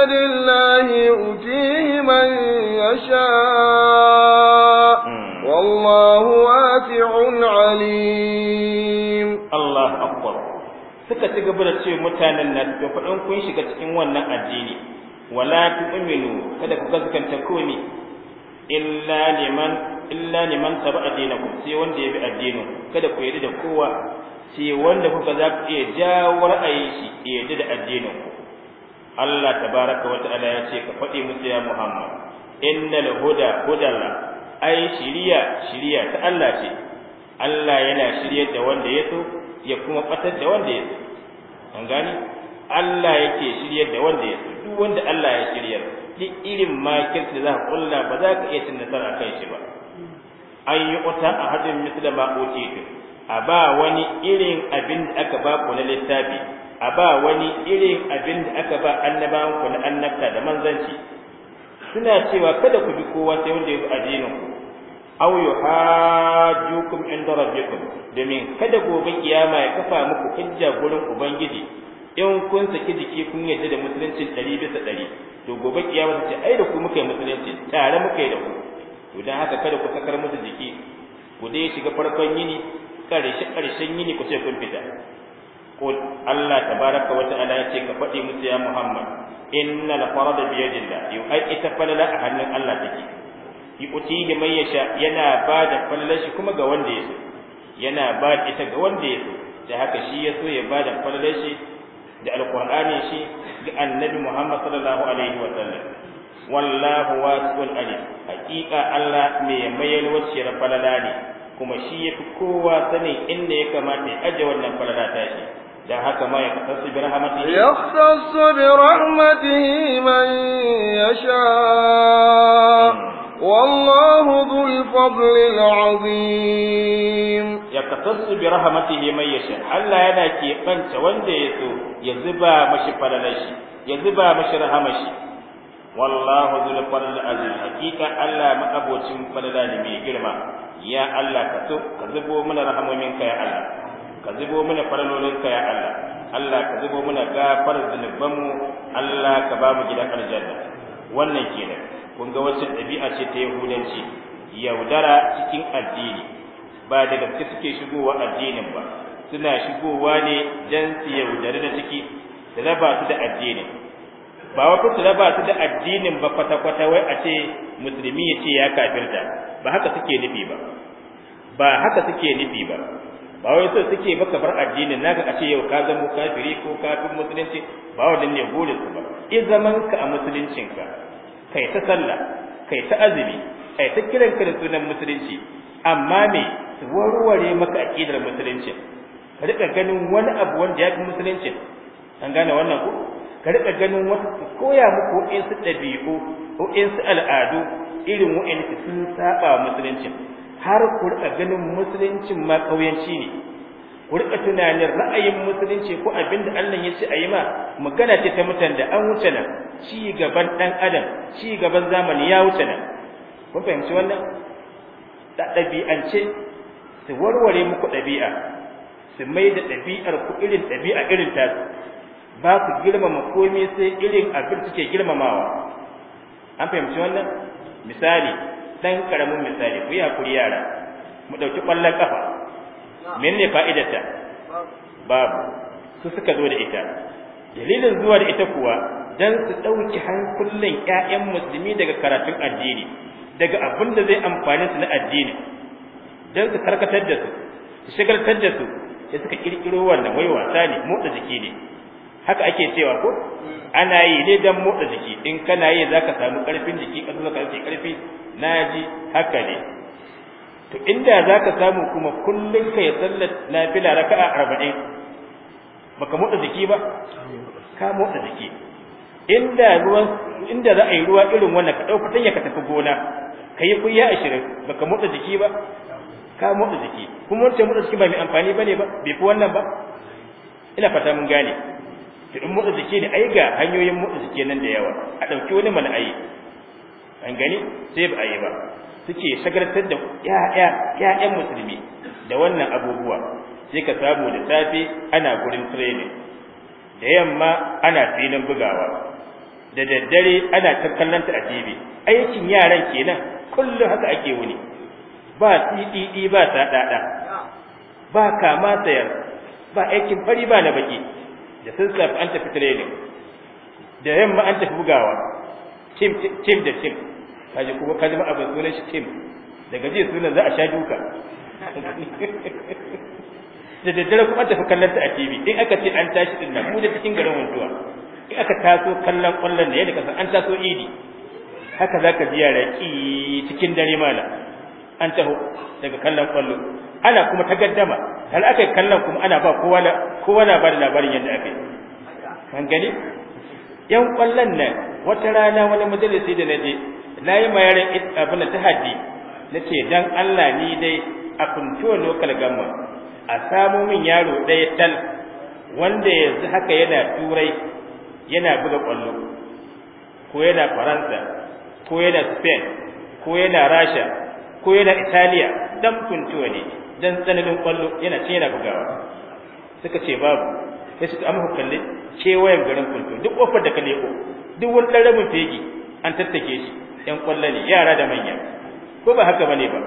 فضل الله يؤتيه من يشاء والله واسع عليم الله أكبر suka ci gaba da ce mutanen nan da faɗin kun shiga cikin wannan addini wala tu'minu kada ku gaskanta ko ne illa liman illa liman tabi'a dinakum sai wanda ya bi addinin kada ku yarda da kowa sai wanda kuka za ku iya jawo ra'ayi shi ya yarda da addinin Allah tabaraka wa ta'ala ya ce ka faɗi musu ya Muhammad innal huda hudalla ai shiriya shiriya ta Allah ce Allah yana shiryar da wanda ya so ya kuma fatar da wanda ya so an gani Allah yake shiryar da wanda ya so duk wanda Allah ya shiryar duk irin makirci da za ka kulla ba za ka iya cin nasara kai shi ba an yi uta a hadin misla ma utitu a ba wani irin abin da aka ba ku na littafi a ba wani irin abin da aka ba annabawan ku na annabta da manzanci suna cewa kada ku bi kowa sai wanda ya bi addinin ku aw yuhajjukum inda rabbikum domin kada gobe kiyama ya kafa muku hujja gurin ubangiji in kun saki jiki kun yadda da musulunci ɗari bisa ɗari to gobe kiyama ce ai da ku muka yi musulunci tare muka da ku to dan haka kada ku sakar musu jiki ku dai shiga farkon yini ƙarshen karshen yini ku ce kun fita ko Allah tabaraka wa ta'ala ya ce ka faɗi musu ya Muhammad la farada bi yadillah yau ai ita falala a hannun Allah take yu'tihi man yasha yana ba da falalar shi kuma ga wanda ya so yana ba da ita ga wanda ya so da haka shi ya so ya ba da falalar shi da alqur'ani shi ga annabi Muhammad sallallahu alaihi wa sallam wallahu wasi'un alim haqiqa Allah mai mayar wacce falala ne kuma shi yafi kowa sanin inda ya kamata ya aje wannan falala ta shi يختص برحمته يختص برحمته من يشاء والله ذو Ya العظيم يختص برحمته من يشاء الله yana keɓanta wanda ya so ya zuba mashi falalashi ya zuba mashi rahamashi wallahu dhul fadl azim hakika Allah ma'abocin falala mai girma ya Allah ka so ka zubo mana rahamominka ya Allah ka zubo mana ka ya Allah Allah ka zubo mana gafar mu. Allah ka ba mu gidan aljanna wannan kenan kun ga wacce ɗabi'a ce ta yahudanci yaudara cikin addini ba da gaske suke shigowa addinin ba suna shigowa ne dan su yaudari da ciki da raba su da addinin ba wa kuma raba su da addinin ba kwata-kwata wai a ce musulmi ya ce ya kafirta ba haka suke nufi ba ba haka suke nufi ba ba wai so suke baka bar addinin naka a ce yau ka zama kafiri ko kafin musulunci ba wannan ne burin su ba in zaman ka a musuluncin ka kai ta sallah kai ta azumi kai ta kiran ka da sunan musulunci amma me su warware maka aqidar musulunci ka rika ganin wani abu wanda ya fi musulunci an gane wannan ko ka rika ganin wata su koya muku wa'insu ɗabi'u wa'insu al'adu irin wa'insu sun saba musulunci har ku rika ganin musuluncin ma kauyanci ne ku rika tunanin ra'ayin musulunci ko abinda da Allah ya ce a yi ma magana ce ta mutan da an wuce nan ci gaban dan adam ci gaban zamani ya wuce nan kun fahimci wannan da ɗabi'ance su warware muku ɗabi'a su mai da ɗabi'ar ku irin ɗabi'a irin ta ba ku girmama komai sai irin abin suke girmamawa an fahimci wannan misali dan karamin misali ku yi hakuri yara mu dauki kwallon kafa menene fa'idarta babu su suka zo da ita dalilin zuwa da ita kuwa dan su dauki hankulin ƴaƴan musulmi daga karatun addini daga abin da zai amfani su na addini dan su karkatar da su su shigaltar da su sai suka kirkiro wannan wai wasa ne motsa jiki ne haka ake cewa ko ana yi ne dan motsa jiki in kana yi zaka samu karfin jiki ka zo ka karfi naji haka ne to inda zaka samu kuma kullun kai sallar nafila raka'a 40 baka motsa jiki ba ka motsa jiki inda ruwan inda za a yi ruwa irin wannan ka dauka tanya ka tafi gona kai kuya 20 baka motsa jiki ba ka motsa jiki kuma wancan motsa jiki ba mai amfani bane ba bai fi wannan ba ina fata mun gane to in motsa jiki ne ai ga hanyoyin motsa jiki nan da yawa a dauki wani mala'ai an gani sai ba yi ba suke sagartar da ƴaƴan musulmi da wannan abubuwa sai ka samu da safe ana gurin training da yamma ana filin bugawa da daddare ana takkallanta a TV aikin yaran kenan kullum haka ake wuni ba CDD e e, ba dada ba kama sayar ba aikin fari ba na baki da sassafe an tafi training da yamma an tafi bugawa tim tim da tim kaji kuma kaji ma abin sunan shi kim daga jiya sunan za a sha duka da daddare kuma tafi kallon ta a TV in aka ce an tashi din nan mu da cikin garin Huntuwa in aka taso kallon kwallon da yadda kasan an taso idi haka zaka ji yara ki cikin dare mala an taho daga kallon kwallo ana kuma ta gaddama har aka yi kallon kuma ana ba kowa na kowa na ba da labarin yadda aka yi kan gani yan kwallon nan wata rana wani majalisi da naje na yi mayarin abin da ta haddi na ce don Allah ni dai a kuntuwa lokal gama a samu min yaro ɗaya tal wanda yanzu haka yana turai yana buga ƙwallo ko yana faransa ko yana spain ko yana rasha ko yana italiya don kuntuwa ne don tsananin ƙwallo yana ce yana bugawa suka ce babu sai suka amma kalli kewayen garin kuntuwa duk ƙofar da ka leko duk wani ɗan rabin fegi an tattake shi yan kwallo ne yara da manya ko ba haka bane ba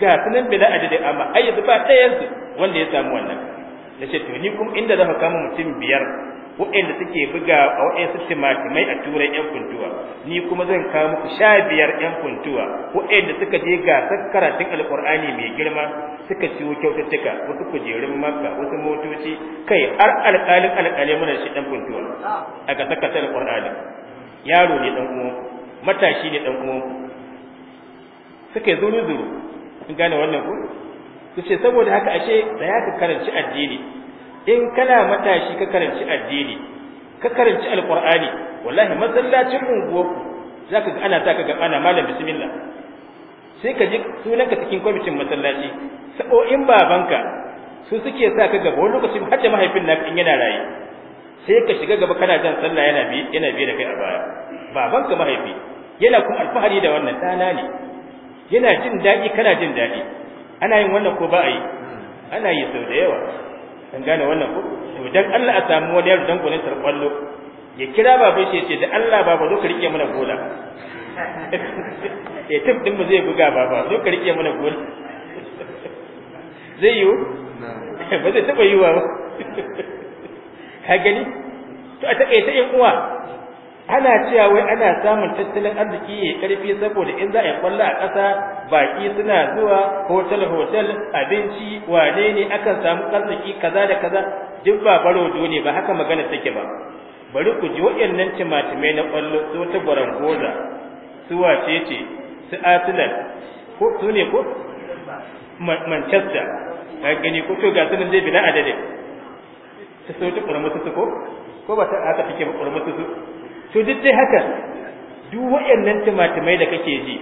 ga sunan bila adadin amma ai yanzu ba ɗayan su wanda ya samu wannan da ce tuni kuma inda ka kama mutum biyar waɗanda suke buga a waɗansu timatimai a turai yan kuntuwa ni kuma zan kawo muku sha biyar yan kuntuwa waɗanda suka je gasar karatun alƙur'ani mai girma suka ciwo kyaututtuka wasu kujerun maka wasu motoci kai har alƙalin alƙalai muna shi ɗan kuntuwa a ga karatun alƙur'ani yaro ne ɗan uwanku matashi ne dan uwanku suka yi zuru zuru in gane wannan ku su ce saboda haka ashe da ya ka karanci addini in kana matashi ka karanci addini ka karanci alqur'ani wallahi masallacin unguwarku za zaka ga ana taka ga ana malam bismillah sai ka ji sunanka cikin kwamitin masallaci sa'o'in babanka su suke sa ka gaba wani lokacin har da mahaifin naka in yana raye sai ka shiga gaba kana jan sallah yana bi yana bi da kai a baya babanka mahaifi yana kuma alfahari da wannan ɗana ne yana jin daɗi kana jin daɗi ana yin wannan ko ba a yi ana yi sau da yawa an gane wannan ko to dan Allah a samu wani yaro dan gonin kwallo ya kira baban shi ce da Allah baba zo ka rike mana gola eh tip din mu zai buga baba zo ka rike mana gola zai yiwu ba zai taba yiwa ba ka gani to a takaice yan uwa ana cewa wai ana samun tattalin arziki ya karfi saboda in za a yi a ƙasa baki suna zuwa hotel hotel abinci wane ne akan samu arziki kaza da kaza duk ba baro ne ba haka magana take ba bari ku ji waɗannan timatimai na kwallo su wata gwarangoza su wace ce su arsenal ko su ne ko manchester ka gani ko to ga sunan zai bi na adadin ta sauti su ko ko ba ta aka fike ba su. to duk dai haka duk wayannan tumatumai da kake ji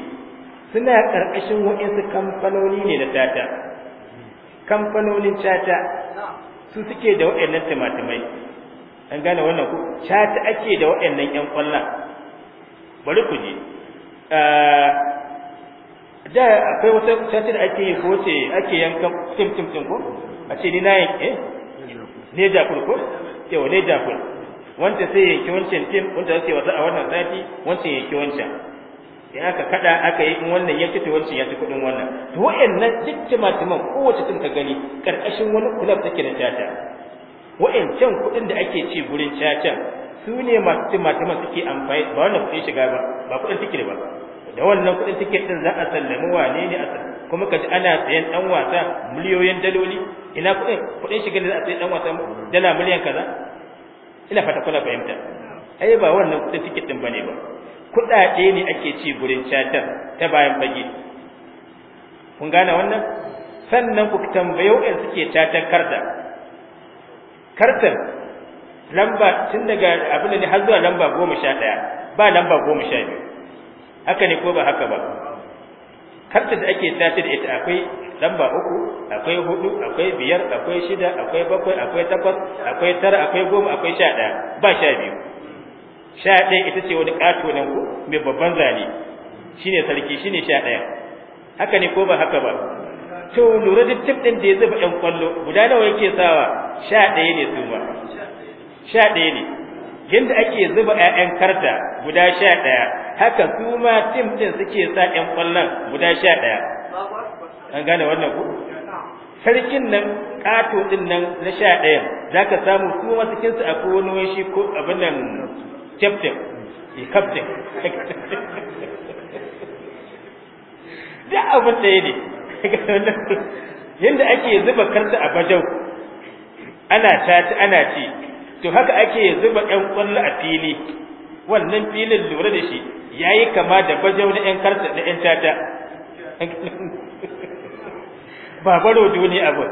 suna karkashin wayansu kamfanoni ne na tata kamfanonin tata su suke da wayannan tumatumai an gane wannan ku tata ake da wayannan yan kwallon bari ku ji eh, da akwai wata tata da ake yi ko ce ake yankan tim tim tim ko a ce ni na yanke eh? ne jakul ko yawa ne kurkur wancan sai yanki wancan tim wancan sai wata a wannan sati wancan yanki wancan sai aka kada aka yi in wannan ya fito wancan ya ci kudin wannan to wayannan duk timatiman kowace tun ka gani karkashin wani club take da caca wayancan kudin da ake ci gurin tata su ne masu timatiman suke amfani ba wannan kudin shiga ba ba kudin tikir ba da wannan kudin tiket din za a sallami wane ne a kuma kaji ana sayan dan wasa miliyoyin daloli ina kudin kudin shiga da za a sayi dan wasa dala miliyan kaza ina fata kuna fahimta ai ba wannan kudin ticket din bane ba kudade ne ake ci gurin chatar ta bayan fage kun gane wannan sannan ku tambayo in suke chatar karta karta lamba tun daga abin da har zuwa lamba 11 ba lamba 12 haka ne ko ba haka ba harta da ake tace da ita akwai lamba uku akwai hudu akwai biyar akwai shida akwai bakwai akwai takwas akwai tara akwai goma akwai sha ɗaya ba sha biyu sha ɗaya ita ce wani ƙato nan ku mai babban zane shine sarki shine sha ɗaya haka ne ko ba haka ba to lura da tip ɗin da ya zuba ƴan kwallo guda nawa yake sawa sha ɗaya ne su ma sha ɗaya ne yanda ake zuba ƴaƴan karta guda sha ɗaya haka su ma tim ɗin suke sa ƴan ƙwallon guda sha ɗaya an gane wannan ku sarkin nan ƙato ɗin nan na sha ɗayan, za ka samu su ma a akwai wani shi ko abin nan kyaftin kyaftin da abin ɗaya ne yanda ake zuba karta a bajau ana ta ana ci to haka ake zuba ɗan ƙwallo a fili wannan filin lura da shi ya yi kama da bajau na ‘yan karsa na ‘yan tata ba baro duni abu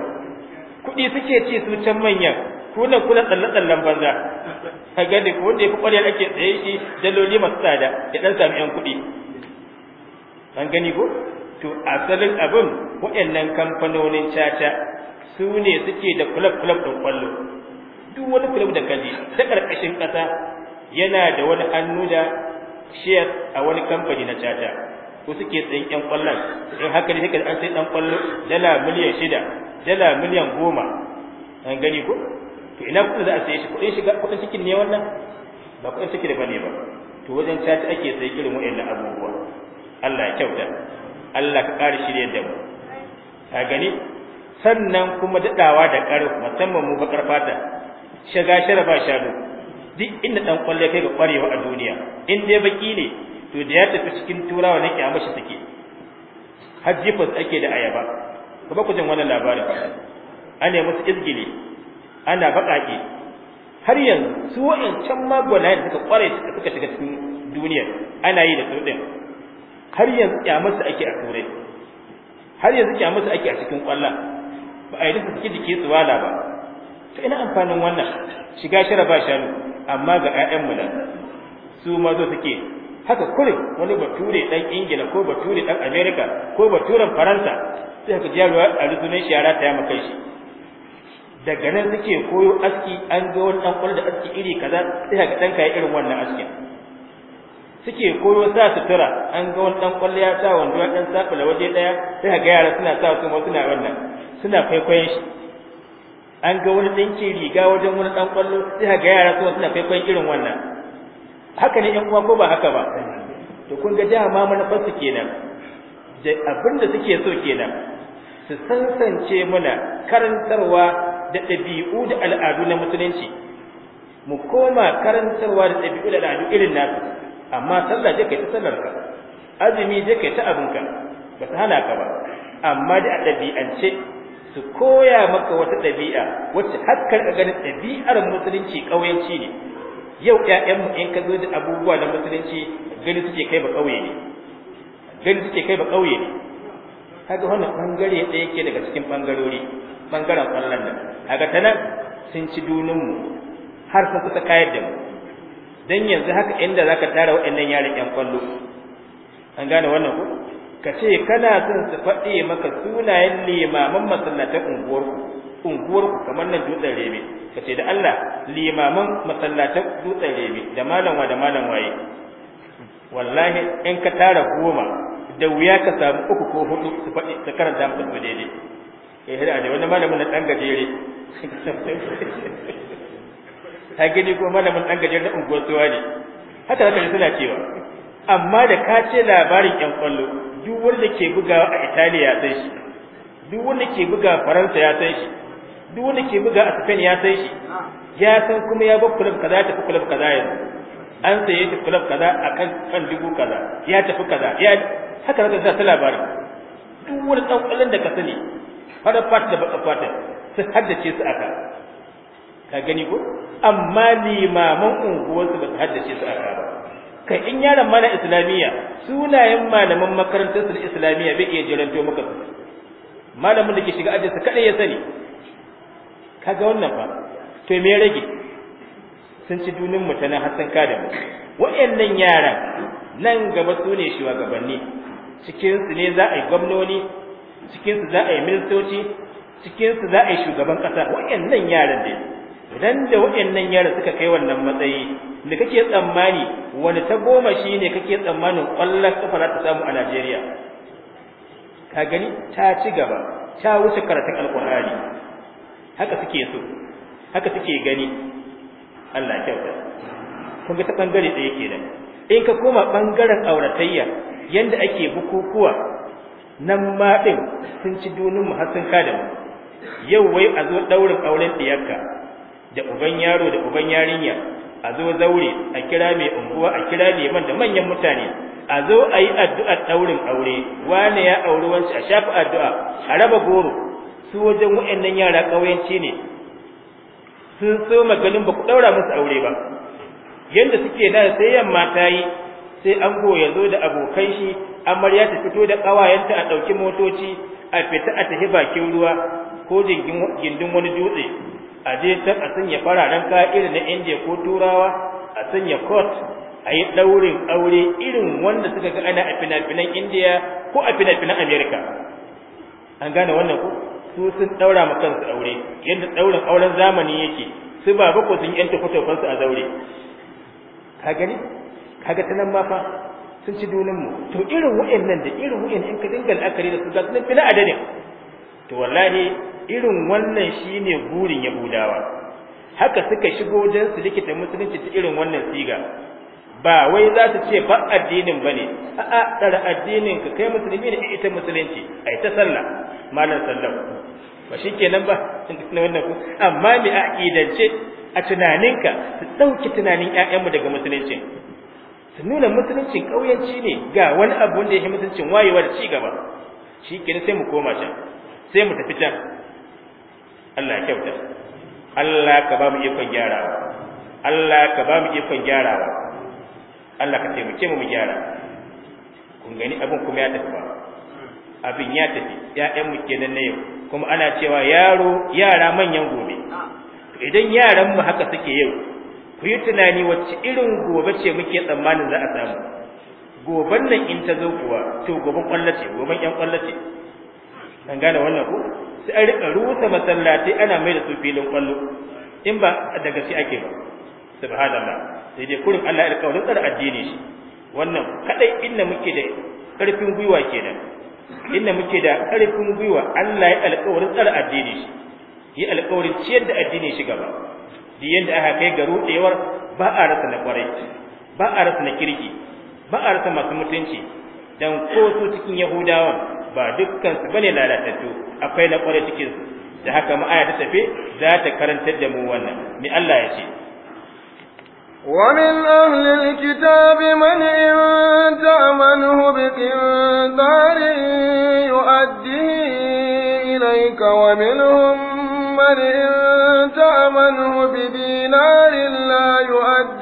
kuɗi suke ci su can manyan kuna kuna tsalle-tsallen banza a gani ko wanda ya fi ƙwaryar ake tsaye shi daloli masu tsada ya ɗan sami ‘yan kuɗi an gani ko to asalin abin waɗannan kamfanonin caca su ne suke da kulab-kulab ɗin ƙwallo duk wani club da kaje ta karkashin kasa yana da wani hannu da share a wani kamfani na chata ko suke tsayin yan kwallon in haka ne sai an sai dan kwallo dala miliyan shida dala miliyan goma an gani ko to ina kuma za a sai shi kuɗin shiga kuɗin cikin ne wannan ba kuɗin cikin ba ne ba to wajen caci ake sai irin wa'annan abubuwa Allah ya kyauta Allah ka ƙara shirye da mu ka gani sannan kuma dadawa da karfi musamman mu bakar fata shaga shara ba shado duk inda dan kwalle kai ga kwarewa a duniya in dai baki ne to da ya tafi cikin turawa ne kiyama shi take har jifas ake da ayaba ku ba ku jin wannan labarin ana musu izgili ana bakake har yanzu su wa'ancan magwala da suka kware su suka shiga cikin duniyar ana yi da su din har yanzu kyamarsu ake a turai har yanzu kyamarsu ake a cikin kwalla ba a yi da suke jike tsuwala ba to ina amfanin wannan shiga shara ba shanu amma ga ƴaƴan mu nan su ma zo suke haka kure wani bature dan ingila ko bature dan america ko baturen faransa sai jiya ruwa a rusunan shi yara ta ya kai shi daga nan suke koyo aski an ga wani dan kwallo da aski iri kaza sai ka dan kai irin wannan askin suke koyo sa sutura an ga wani dan kwallo ya sa wando ya dan sabula waje daya sai ga yara suna sa su ma suna wannan suna kwaikwayon shi an ga wani ɗinkin riga wajen wani ɗan ƙwallo sai ga yara su suna faifan irin wannan haka ne in uwa ko ba haka ba to kun ga dama su kenan Da abinda suke so kenan su sansance muna karantarwa da ɗabi'u da al'adu na musulunci mu koma karantarwa da ɗabi'u da al'adu irin nasu amma sallah je kai ta sallar ka, azumi je kai ta abinka ba ta hana ka ba amma da dabi'ance ɗabi'ance su koya maka wata ɗabi'a wacce har ka ganin ɗabi'ar musulunci ƙauyenci ne yau ƴaƴanmu in ka zo da abubuwa na musulunci gani suke kai ba ƙauye ne gani suke kai ba ƙauye ne kaga wannan bangare da ke daga cikin bangarori bangaren ƙwallon nan kaga ta nan sun ci duninmu har sun kusa kayar da mu dan yanzu haka inda zaka tara waɗannan yaran ƴan kwallo an gane wannan ko ka ce kana son su faɗe maka sunayen limaman masallatan unguwarku unguwarku kamar nan dutsen rebe ka ce da Allah limaman masallatan dutsen rebe da malam wa da malam waye wallahi in ka tara goma da wuya ka samu uku ko hudu su faɗi su karanta maka su daidai eh da ne wani malamin na dan gajere ta gidi ko malamin dan gajere na unguwar suwa ne haka haka suna cewa amma da ka ce labarin yan kwallo duk wanda ke buga a Italiya ya san shi duk wanda ke buga Faransa ya san shi duk wanda ke buga a Spain ya san shi ya san kuma ya ga club kaza ya tafi club kaza yanzu an saye ta club kaza akan kan dubu kaza ya tafi kaza ya haka zaka ta labarin duk wani dan kullun da ka sani fara fata da baka fata sai haddace su aka ka gani ko amma limaman unguwar ba su haddace su aka ba kai in yaron mana islamiyya sunayen malaman makarantar su islamiyya bai iya jiranto maka malamin da ke shiga ajinsa kadai ya sani kaga wannan fa to me rage sun ci dunin mu ta nan har ka kada mu waɗannan yaran nan gaba su ne shugabanni cikin su ne za a yi gwamnoni cikin su za a yi ministoci cikin su za a yi shugaban kasa waɗannan yaran dai idan da waɗannan yaran suka kai wannan matsayi me kake tsammani wani ta goma shi ne kake tsammanin kwallon kafa za ta samu a Najeriya ka gani ta ci gaba ta wuce karatun alƙur'ani haka suke so haka suke gani Allah kyauta kun ga ta bangare ɗaya da. in ka koma ɓangaren auratayya yanda ake bukukuwa nan ma din sun ci dunin mu har sun kada mu yau wai a zo ɗaurin auren ɗiyarka da uban yaro da uban yarinya a zo zaure a kira mai unguwa a kira mai man da manyan mutane a zo a yi addu'ar ɗaurin aure wane ya auri wancan a shafi addu'a a raba goro su wajen wa'annan yara ƙauyenci ne sun so maganin ba ku ɗaura musu aure ba yadda suke na sai yamma ta yi sai an goya zo da abokan shi amarya ta fito da ƙawayenta a ɗauki motoci a fita a tafi bakin ruwa ko gindin wani dutse a je can a sanya fararen kaya irin na India ko turawa a sanya court a yi ɗaurin aure irin wanda suka ga ana a finafinan India ko a finafinan america amerika an gane wannan ku su sun ɗaura ma kansu aure yadda ɗaurin auren zamani yake su ba bako sun yanta kwatofansu a zaure ka gani kaga ta nan ma fa sun ci dunin mu to irin wa'annan da irin wa'annan in ka dinga la'akari da su ga sun fina adadin to wallahi irin wannan shine burin yahudawa haka suka shigo don su likita musulunci ta irin wannan siga ba wai za su ce ba addinin ba ne a'a tsara addinin ka kai musulmi ne ita musulunci ai ta sallah malam sallah). ba shi nan ba na wannan ku amma mi a idance a tunaninka su ɗauki tunanin ƴaƴanmu daga musulunci su nuna musuluncin ƙauyanci ne ga wani abu wanda ya musuluncin wayewa da ci gaba shi sai mu koma can sai mu tafi can Allah ya kyauta Allah ka ba mu ikon gyarawa Allah ka ba mu ikon gyarawa Allah ka taimake mu mu gyara kun gani abin kuma ya tafi ba abin ya tafi ƴaƴan mu kenan na yau kuma ana cewa yaro yara manyan gobe idan yaran mu haka suke yau ku yi tunani wacce irin gobe ce muke tsammanin za a samu goben nan in ta zo kuwa to goben kwallace, goban goben ƴan kwallace, dan gane wannan ko sai an rika rusa masallatai ana mai da su filin kwallo in ba da gaske ake ba subhanallah sai dai kurin Allah ya kawo tsara addini shi wannan kadai inda muke da karfin gwiwa kenan inda muke da karfin gwiwa Allah ya alƙawarin tsara addini shi yi alƙawarin ciyar da addini shi gaba da yanda aka kai ga rudewar ba a rasa na kwarai ba a rasa na kirki ba a rasa masu mutunci dan ko su cikin yahudawan ba dukkan su bane lalatattu akwai na kware cikin su da haka mu aya ta tafi za ta karantar da mu wannan ni Allah ya ce ومن أهل الكتاب من إن تأمنه بقنطار يؤديه إليك ومنهم من إن تأمنه بدينار لا يؤديه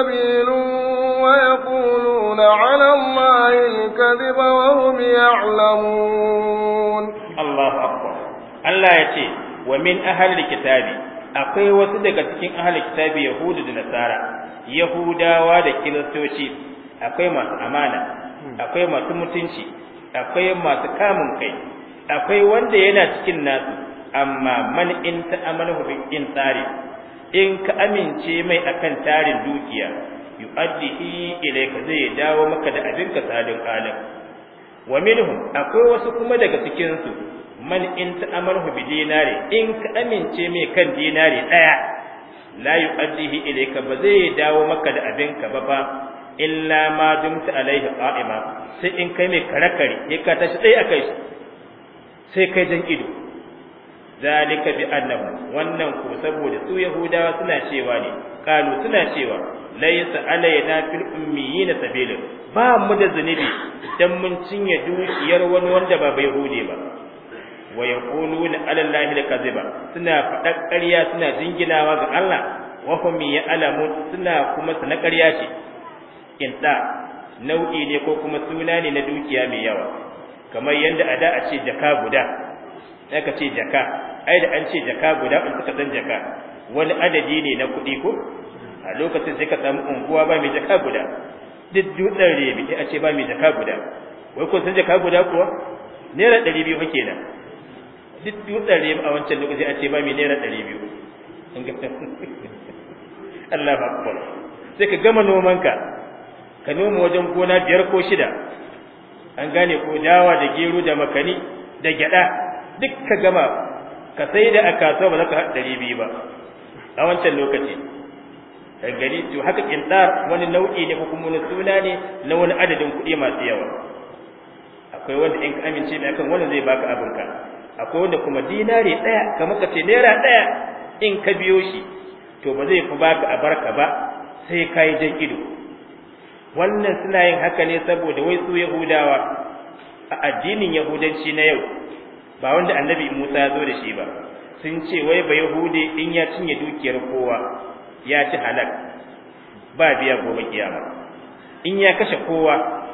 سبيل ويقولون على الله الكذب وهم يعلمون الله أكبر الله يتي ومن أهل الكتاب akwai wasu daga cikin ahalin kitabi yahudu da nasara yahudawa da kiristoci akwai masu amana akwai masu mutunci akwai masu kamun kai akwai wanda yana cikin nasu amma man in ta amana in tsari in ka amince mai akan tarin dukiya yu'addihi ilayka zai dawo maka da abin ka salin alim wa minhum akwai wasu kuma daga cikin su man in ta'amalu bi dinari in ka amince mai kan dinari daya la yu'addihi ilayka ba zai dawo maka da abin ba ba illa ma dumta alaihi qa'ima sai in kai mai karakari sai ka tashi dai akai sai kai jan ido zalika bi annahu wannan ko saboda su yahudawa suna cewa ne kalu suna cewa laysa alayna fil ummiyina sabila ba mu da zunubi dan mun cinye dukiyar wani wanda ba bai hude ba wa yaquluna ala allahi lakaziba suna fadar ƙarya suna jinginawa ga Allah wa hum ya'lamun suna kuma suna ƙarya ce kinta nau'i ne ko kuma suna ne na dukiya mai yawa kamar yadda a da a ce jaka guda aka ce jaka ai da an ce jaka guda in suka san jaka wani adadi ne na kuɗi ko a lokacin sai ka samu unguwa ba mai jaka guda duk dutsen rebi a ce ba mai jaka guda wai kun san jaka guda kuwa naira ɗari biyu fa kenan duk dutsen rebi a wancan lokaci a ce ba mai naira ɗari biyu Allah ba akbar sai ka gama nomanka ka noma wajen gona biyar ko shida an gane ko dawa da gero da makani da gyada duk ka gama ka sai da a kasuwa ba za ka haɗa ɗari biyu ba a wancan lokaci gari to haka kintar wani nau'i ne ko kuma wani suna ne na wani adadin kuɗi masu yawa akwai wanda in ka amince da akan wani zai baka abinka akwai wanda kuma dinari ɗaya ka maka ce naira ɗaya in ka biyo shi to ba zai fi baka a barka ba sai ka yi jan ido wannan suna yin haka ne saboda wai su yahudawa a addinin yahudanci na yau ba wanda annabi Musa ya zo da shi ba sun ce wai ba Yahude in ya cinye dukiyar kowa ya ci halak ba biya gobe kiyama in ya kashe kowa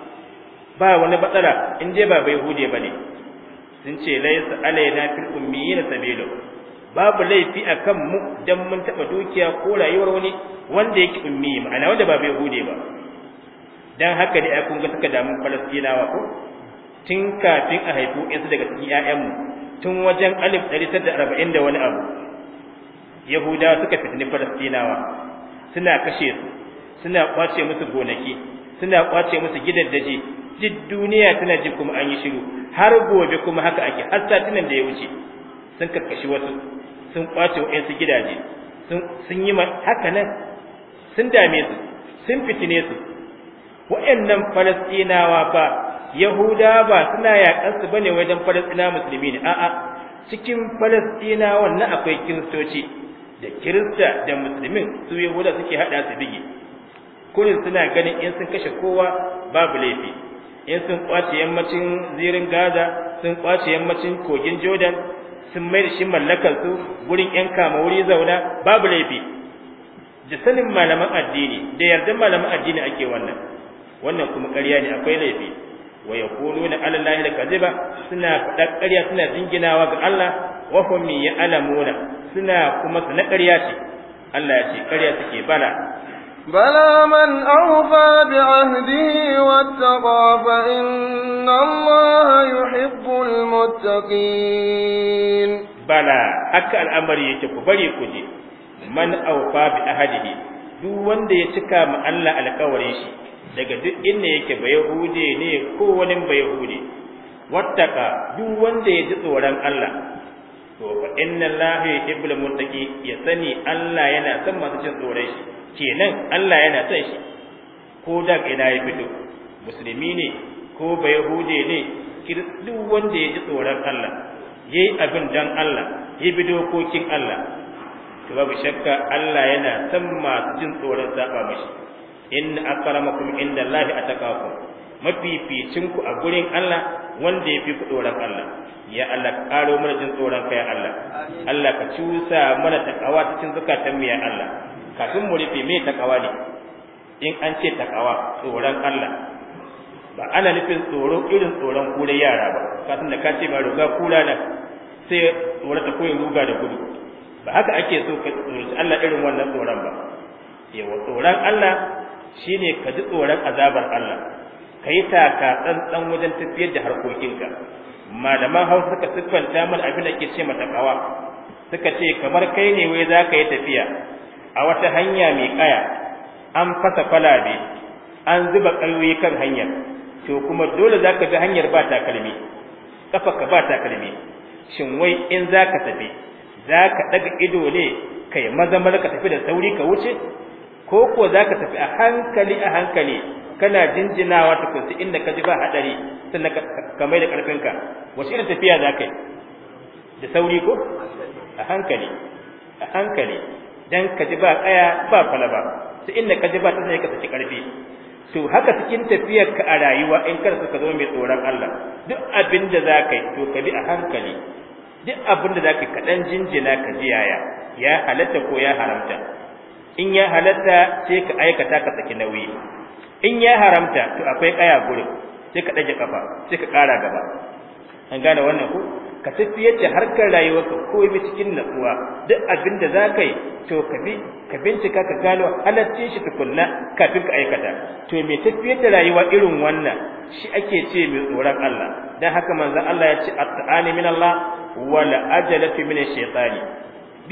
ba wani batsala in dai ba bai hude bane sun ce laysa alaina fil ummiyina sabilu babu laifi akan mu dan mun taba dukiya ko rayuwar wani wanda yake ummi ma'ana wanda ba bai ba dan haka dai kun ga suka damu falastinawa ko tun kafin a haifu yansu daga cikin ‘ya'yanmu tun wajen alif ɗari da arba'in da wani abu yahudawa suka fitini falastinawa suna kashe su suna kwace musu gonaki suna kwace musu gidaddaji duk duniya tana ji kuma an yi shiru har gobe kuma haka ake har satinan da ya wuce sun karkashi wasu sun kwace wa'yansu gidaje sun yi haka nan sun dame su sun fitine su wa'annan falastinawa fa yahuda ba suna yaƙar su bane wajen falastina musulmi ne a'a cikin falastina wannan akwai kiristoci da kirista da musulmin su yahuda suke haɗa su bige kurin suna ganin in sun kashe kowa babu laifi in sun kwace yammacin zirin gaza sun kwace yammacin kogin jordan sun mai da shi mallakar su gurin yan kama wuri zauna babu laifi da sanin malaman addini da yardan malaman addini ake wannan wannan kuma ƙarya ne akwai laifi wa yaquluna ala da kadhiba suna fada ƙarya suna jinginawa ga Allah wa hum mi ya'lamuna suna kuma suna ƙarya ce Allah ya ce ƙarya take bala bala man awfa bi ahdihi wattaqa fa inna allaha yuhibbul bala haka al'amari yake ku bari ku je man awfa bi ahdihi duk wanda ya cika ma Allah alƙawarin shi daga duk inda yake ba yahude ne ko wani ba yahude wattaka duk wanda ya ji tsoron Allah to fa inna Allaha yuhibbul muttaqi ya sani Allah yana son masu jin tsoron shi kenan Allah yana son shi ko da ina ya fito musulmi ne ko ba yahude ne duk wanda ya ji tsoron Allah yayi abin dan Allah ya bi dokokin Allah to babu shakka Allah yana san masu jin tsoron ba mashi inna akramakum indallahi ataqakum mafificin a gurin Allah wanda ya fi ku tsoron Allah ya Allah ka karo mana jin tsoron kai Allah Allah ka cusa mana takawa cikin zakatan mu ya Allah kafin mu rufe me takawa ne in an ce takawa tsoron Allah ba ana nufin tsoro irin tsoron kure yara ba kafin da ka ce ba ruga kura na sai tsorata ta koyi ruga da gudu ba haka ake so ka tsoro Allah irin wannan tsoron ba yawa tsoron Allah shine ka ji tsoron azabar Allah ka yi taka wajen tafiyar da harkokinka malaman hausa suka siffanta mun abin da ke ce mata kawa suka ce kamar kai ne wai za ka yi tafiya a wata hanya mai kaya an fasa kwalabe an zuba ƙayoyi kan hanyar to kuma dole za ka bi hanyar ba takalmi kafa ka ba takalmi shin wai in za ka tafi za ka ɗaga ido ne kai mazamar ka tafi da sauri ka wuce ko ko za ka tafi a hankali a hankali kana jinjinawa ta kunsi inda ka ji ba haɗari sannan ka mai da ƙarfinka wace irin tafiya za ka yi da sauri ko a hankali a hankali dan ka ji ba kaya ba ba sai inda ka ji ba ta sai ka saki ƙarfi to haka cikin tafiyar ka a rayuwa in kar ka zo mai tsoron Allah duk abin da za ka yi to ka bi a hankali duk abin da za ka yi ka jinjina ka ji yaya ya halatta ko ya haramta in ya halatta sai ka aikata ka saki nauyi in ya haramta to akwai kaya gurin sai ka dage kafa sai ka kara gaba an gane wannan ko ka tafi da harkar rayuwarka komai cikin natsuwa duk abinda za ka yi to ka bincika ka gano halaccin shi tukunna kafin ka aikata to mai tafi yadda rayuwa irin wannan shi ake ce mai tsoron Allah dan haka manzon Allah ya ce at min Allah wal ajalati min ash-shaytani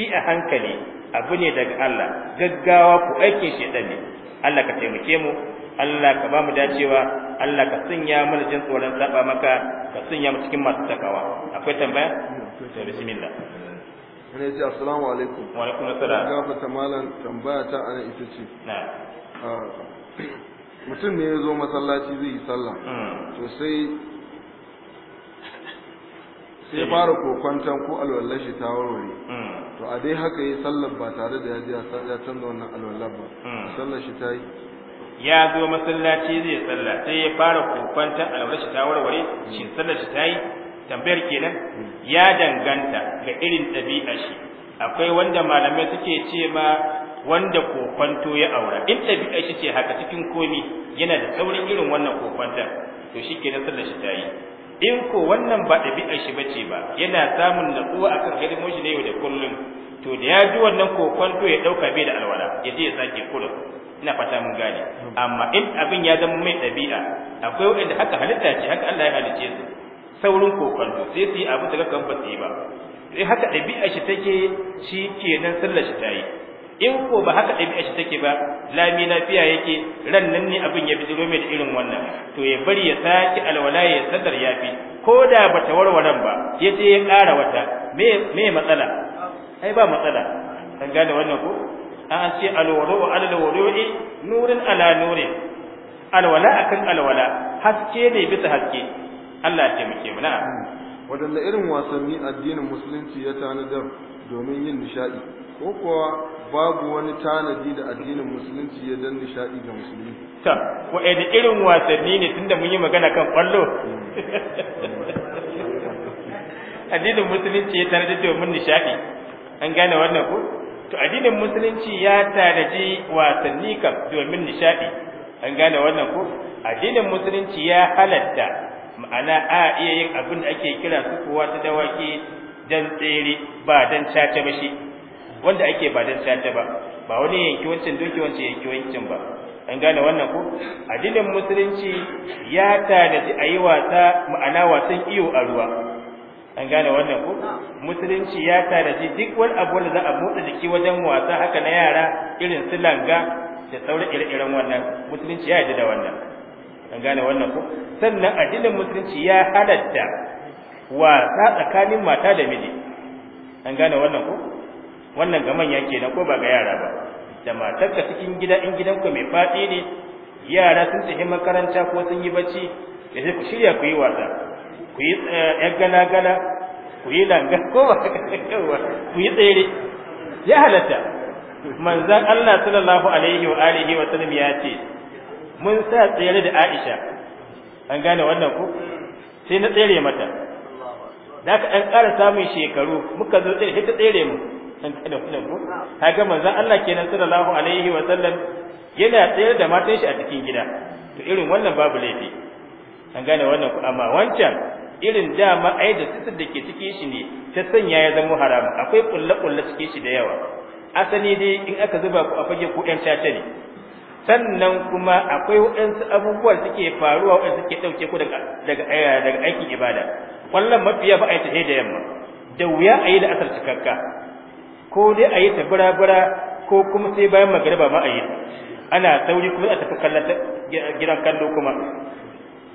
bi a hankali abu ne daga Allah gaggawa ku aikin shedan ne Allah ka taimake mu Allah ka ba mu dacewa Allah ka sanya mana jin tsoron saba maka ka sanya mu cikin masu takawa akwai tambaya to bismillah ne ce assalamu alaikum wa alaikum assalam gafata malam tambaya ta ana ita ce na ah, mutum ne ya zo masallaci zai yi sallah hmm. to sai sai fara kokwantan ko alwallashi ta warware hmm. to a dai haka yi sallar ba tare da ya ya canza wannan alwala ba hmm. sallar shi ta yi ya zo masallaci zai tsalla sai ya fara a alwala shi ta warware shi hmm. sallar shi ta yi tambayar kenan hmm. ya danganta ga irin ɗabi'a shi akwai wanda malamai suke ce ma wanda kokwanto ya aura in ɗabi'a shi ce haka cikin komi yana da saurin irin wannan kokwantar to shi kenan sallar shi ta yi in ko wannan ba ɗabi'ar shi bace ba yana samun natsuwa akan hidimar shi ne yau da kullum to da ya ji wannan to ya ɗauka bai da alwala ya je ya sake kullum ina fata mun gane amma in abin ya zama mai ɗabi'a akwai waɗanda haka halitta ce haka Allah ya halicce su saurin kokonto sai su yi abu daga kan ba su yi ba sai haka ɗabi'a shi take shi kenan sallar shi ta yi in ko ba haka ɗabi'a shi take ba lami lafiya yake ran nan ne abin ya bijiro mai da irin wannan to ya bari ya saki alwala sadar yafi ko da ba ta warwaran ba ya je ya ƙara wata me me matsala ai ba matsala kan gane wannan ko an ce alwudu wa alwudu'i nurin ala nurin alwala akan alwala haske ne bisa haske Allah ya taimake mu na wadanne irin wasanni addinin musulunci ya tanadar domin yin nishaɗi. ko kuwa babu wani tanadi da addinin musulunci ya dan nishadi ga musulmi ta ko da irin wasanni ne tunda mun yi magana kan kwallo addinin musulunci ya tanadi domin nishadi an gane wannan ko to addinin musulunci ya tanadi wasanni kan domin nishadi an gane wannan ko addinin musulunci ya halatta ma'ana a iya yin abin da ake kira su kowa ta dawaki dan tsere ba dan cace ba shi wanda ake ba dan sata ba ba wani yanki wancan doki wancan yanki wancan ba an gane wannan ko addinin musulunci ya tanadi a yi wasa ma'ana wasan iyo a ruwa an gane wannan ko musulunci ya tanadi duk wani abu wanda za a motsa jiki wajen wasa haka na yara irin su langa da sauran ire-iren wannan musulunci ya yi da wannan an gane wannan ko sannan addinin musulunci ya halatta wasa tsakanin mata da miji an gane wannan ko wannan ga manya kenan ko ba ga yara ba da matarka cikin gida in gidan ku mai fadi ne yara sun tafi makaranta ko sun yi bacci Ya sai ku shirya ku yi wasa ku yi yan gana gana ku yi langa ko ba ku yi tsere ya halatta manzan Allah sallallahu alaihi wa alihi wa sallam ya ce mun sa tsere da Aisha an gane wannan ku? sai na tsere mata da ka ɗan ƙara samun shekaru muka zo tsere sai ta tsere mu san kada kula ko kaga manzon Allah kenan sallallahu alaihi wa sallam yana tsayar da matan shi a cikin gida to irin wannan babu laifi an gane wannan ku amma wancan irin dama ai da sitar da ke cikin shi ne ta sanya ya zama haram akwai kulle kulle cikin shi da yawa asali dai in aka zuba ku a fage ku ɗan caca ne sannan kuma akwai waɗansu abubuwan suke faruwa waɗanda suke ɗauke ku daga daga eh, aikin ibada kwallon mafiya ba a yi ta da yamma da wuya a yi da cikakka ko dai a yi ta bura-bura ko kuma sai bayan magariba ma a yi ana sauri kuma a tafi kallon gidan kallo kuma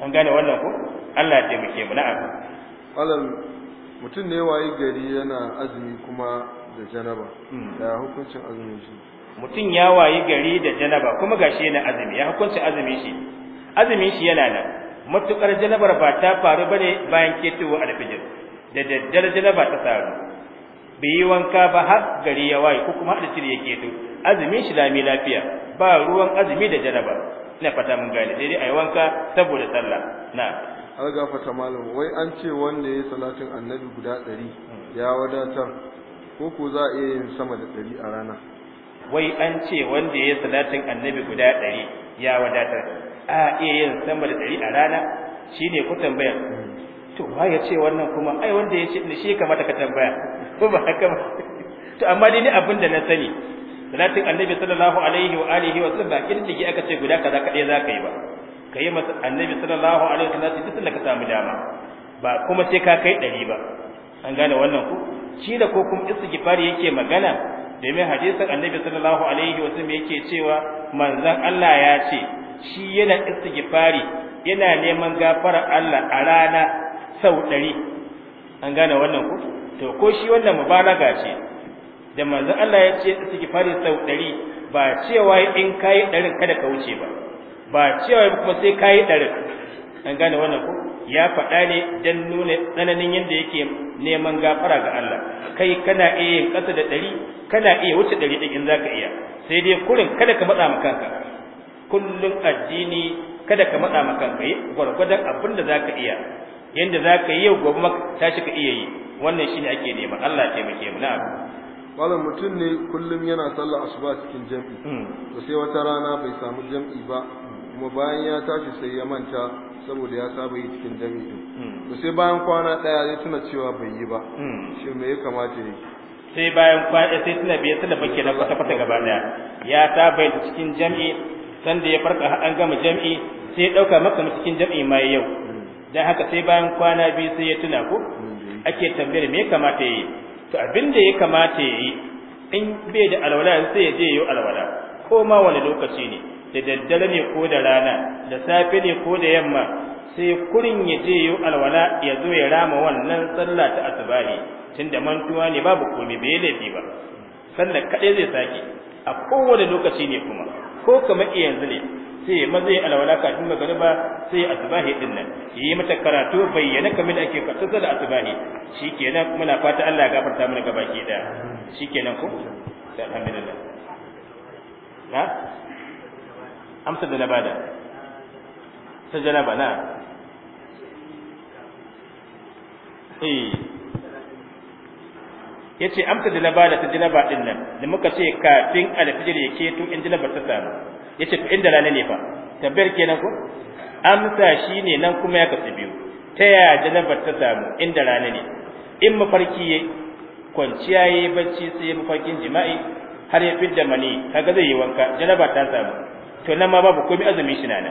an gane wannan ko Allah ya muke mu na'am alal mutum ne wayi gari yana azumi kuma da janaba hmm. ya hukuncin azumin shi mutum ya wayi gari da janaba kuma gashi yana azumi ya hukuncin azumin shi azumin shi yana nan matukar janabar ba ta faru bane bayan ketowa alfijir da daddar janaba ta faru Bi yi wanka ba har gari ya waye ko kuma hadisi da yake to azumin shi lami lafiya ba ruwan azumi da jaraba. ina fata mun gane sai dai ayi wanka saboda sallah na har Fata malam wai an ce wanda ya salatin annabi guda 100 ya wadatar ko ko za a yi sama da 100 a rana wai an ce wanda ya salatin annabi guda 100 ya wadatar a iya yin sama da 100 a rana shine ku tambayar hmm. to ya ce wannan kuma ai wanda ya ce shi kamata ka tambaya ko ba haka ba to amma dai ni abinda na sani salatin annabi sallallahu alaihi wa alihi wa sallam ba kirdige aka ce guda kaza kade za ka yi ba ka yi masa annabi sallallahu alaihi wa sallam duk da ka samu dama ba kuma sai ka kai ɗari ba an gane wannan ku shi da ko kuma istighfari yake magana domin hadisin annabi sallallahu alaihi wa sallam yake cewa manzon Allah ya ce shi yana istighfari yana neman gafara Allah a rana sau ɗari an gane wannan ku to ko shi wannan mubalaga ce da manzon Allah ya ce fari sau 100 ba cewa in kai 100 kada ka wuce ba ba cewa kuma sai kai 100 an gane wannan ko ya faɗa ne dan nuna tsananin yadda yake neman gafara ga Allah kai kana iya yin kasa da 100 kana iya wuce 100 din in zaka iya sai dai kurin kada ka matsa maka kanka kullun addini kada ka matsa maka kanka yi gwargwadon abin da zaka iya yanda zaka yi yau gobe maka tashi ka iya yi wannan shine ake nema Allah ya taimake mu na'am wannan mutum ne kullum yana sallar asuba cikin jam'i hmm. to sai wata rana bai samu jam'i ba kuma bayan ya tashi sai ya manta saboda ya saba yi cikin jam'i hmm. to sai bayan kwana daya ya tuna cewa bai yi ba hmm. shin me ya kamata yi sai bayan kwana sai tuna bai tuna ke na kwata kwata gaba daya ya saba yi cikin jam'i sanda ya farka an gama jam'i sai ya dauka maka cikin jami'i mai yau dan haka sai bayan kwana biyu sai ya tuna ko ake tambayar me ya kamata yayi to abin da ya kamata yayi in bai da alwala sai ya je yayi alwala ko ma wani lokaci ne da daddare ne ko da rana da safe ne ko da yamma sai kurin ya je yayi alwala ya zo ya rama wannan sallah ta asubahi tunda mantuwa ne babu komai bai laifi ba sallar kadai zai sake a kowane lokaci ne kuma ko kamar yanzu ne sai mazai alwala kafin magariba sai asbahi din nan yi mata karatu bayyana kamin ake karatu da asbahi shikenan muna fata Allah ya gafarta mana gaba ki da shikenan ko alhamdulillah na amsa da labada ta janaba na eh yace amsa da labada ta janaba din nan da muka ce kafin alfijir ya to in janaba ta samu yace to inda rana ne fa tabbar kenan ko amsa shine nan kuma ya kafi biyu ta yaya janabar ta samu inda rana ne in mafarki yayi kwanciya yayi bacci sai mafarkin jima'i har ya fidda mani kaga zai yi wanka janaba ta samu to nan ma babu komai azumi shi nan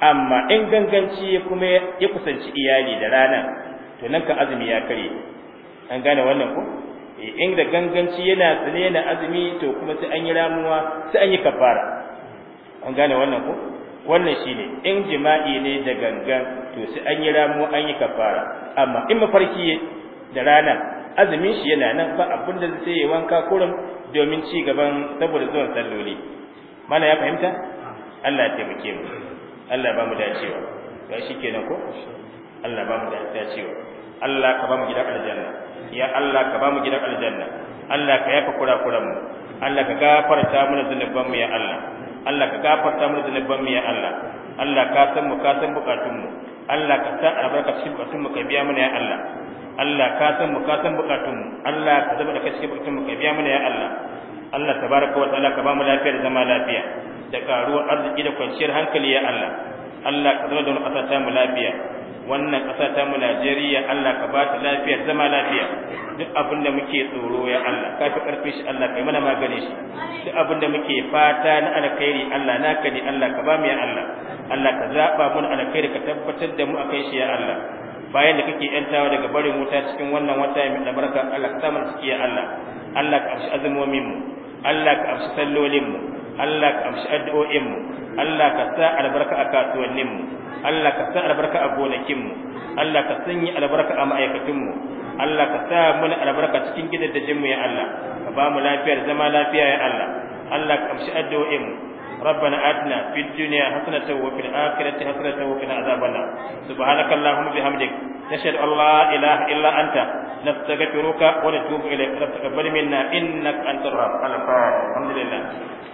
amma in ganganci kuma ya kusanci iyali da rana to nan kan azumi ya kare an gane wannan ko eh, in da ganganci yana tsane na azumi to kuma sai an yi ramuwa sai an yi kafara an gane wannan ko wannan shine in jima'i ne da gangan to sai an yi ramu an yi kafara amma in mafarki da rana azumin shi yana nan ba abin da zai yi wanka kurum domin ci gaban saboda zuwan salloli mana ya fahimta Allah ya taimake mu Allah ba mu dacewa ga shi kenan ko Allah ba mu dacewa Allah ka ba mu gidan aljanna ya Allah ka ba mu gidan aljanna Allah ka yafa kurakuran mu Allah ka gafarta mana zunuban mu ya Allah Allah ka gafarta mana zunuban mu ya Allah Allah ka san mu ka san bukatun mu Allah ka san albarka cikin bukatun mu ka biya mana ya Allah Allah ka san mu ka san bukatun mu Allah ka zama da kai cikin bukatun mu ka biya mana ya Allah Allah tabaraka wa ta'ala ka ba mu lafiya da zama lafiya da karuwar arziki da kwanciyar hankali ya Allah Allah ka zama da mu kasata mu lafiya wannan ƙasa ta mu Najeriya Allah ka ba ta lafiya zama lafiya duk abin da muke tsoro ya Allah ka fi ƙarfi shi Allah kai mana magani shi duk abin da muke fata na alkhairi Allah naka ne Allah ka ba mu ya Allah Allah ka zaba mun alkhairi ka tabbatar da mu akai shi ya Allah bayan da kake yantawa daga barin wuta cikin wannan wata mai albarka Allah ka samu ciki ya Allah Allah ka amshi azumomin mu Allah ka amshi sallolin mu Allah ka amshi addu'o'in mu Allah ka sa albarka a kasuwannin mu Allah ka sa albarka a gonakin mu Allah ka sanya albarka a ma'aikatun mu Allah ka sa mana albarka cikin gidajen mu ya Allah ka ba mu lafiyar zama lafiya ya Allah Allah ka amshi addu'o'in mu ربنا آتنا في الدنيا حسنة وفي الآخرة حسنة وقنا عذاب النار سبحانك اللهم بحمدك نشهد أن لا إله إلا أنت نستغفرك ونتوب إليك تقبل منا إنك أنت الرب الحمد لله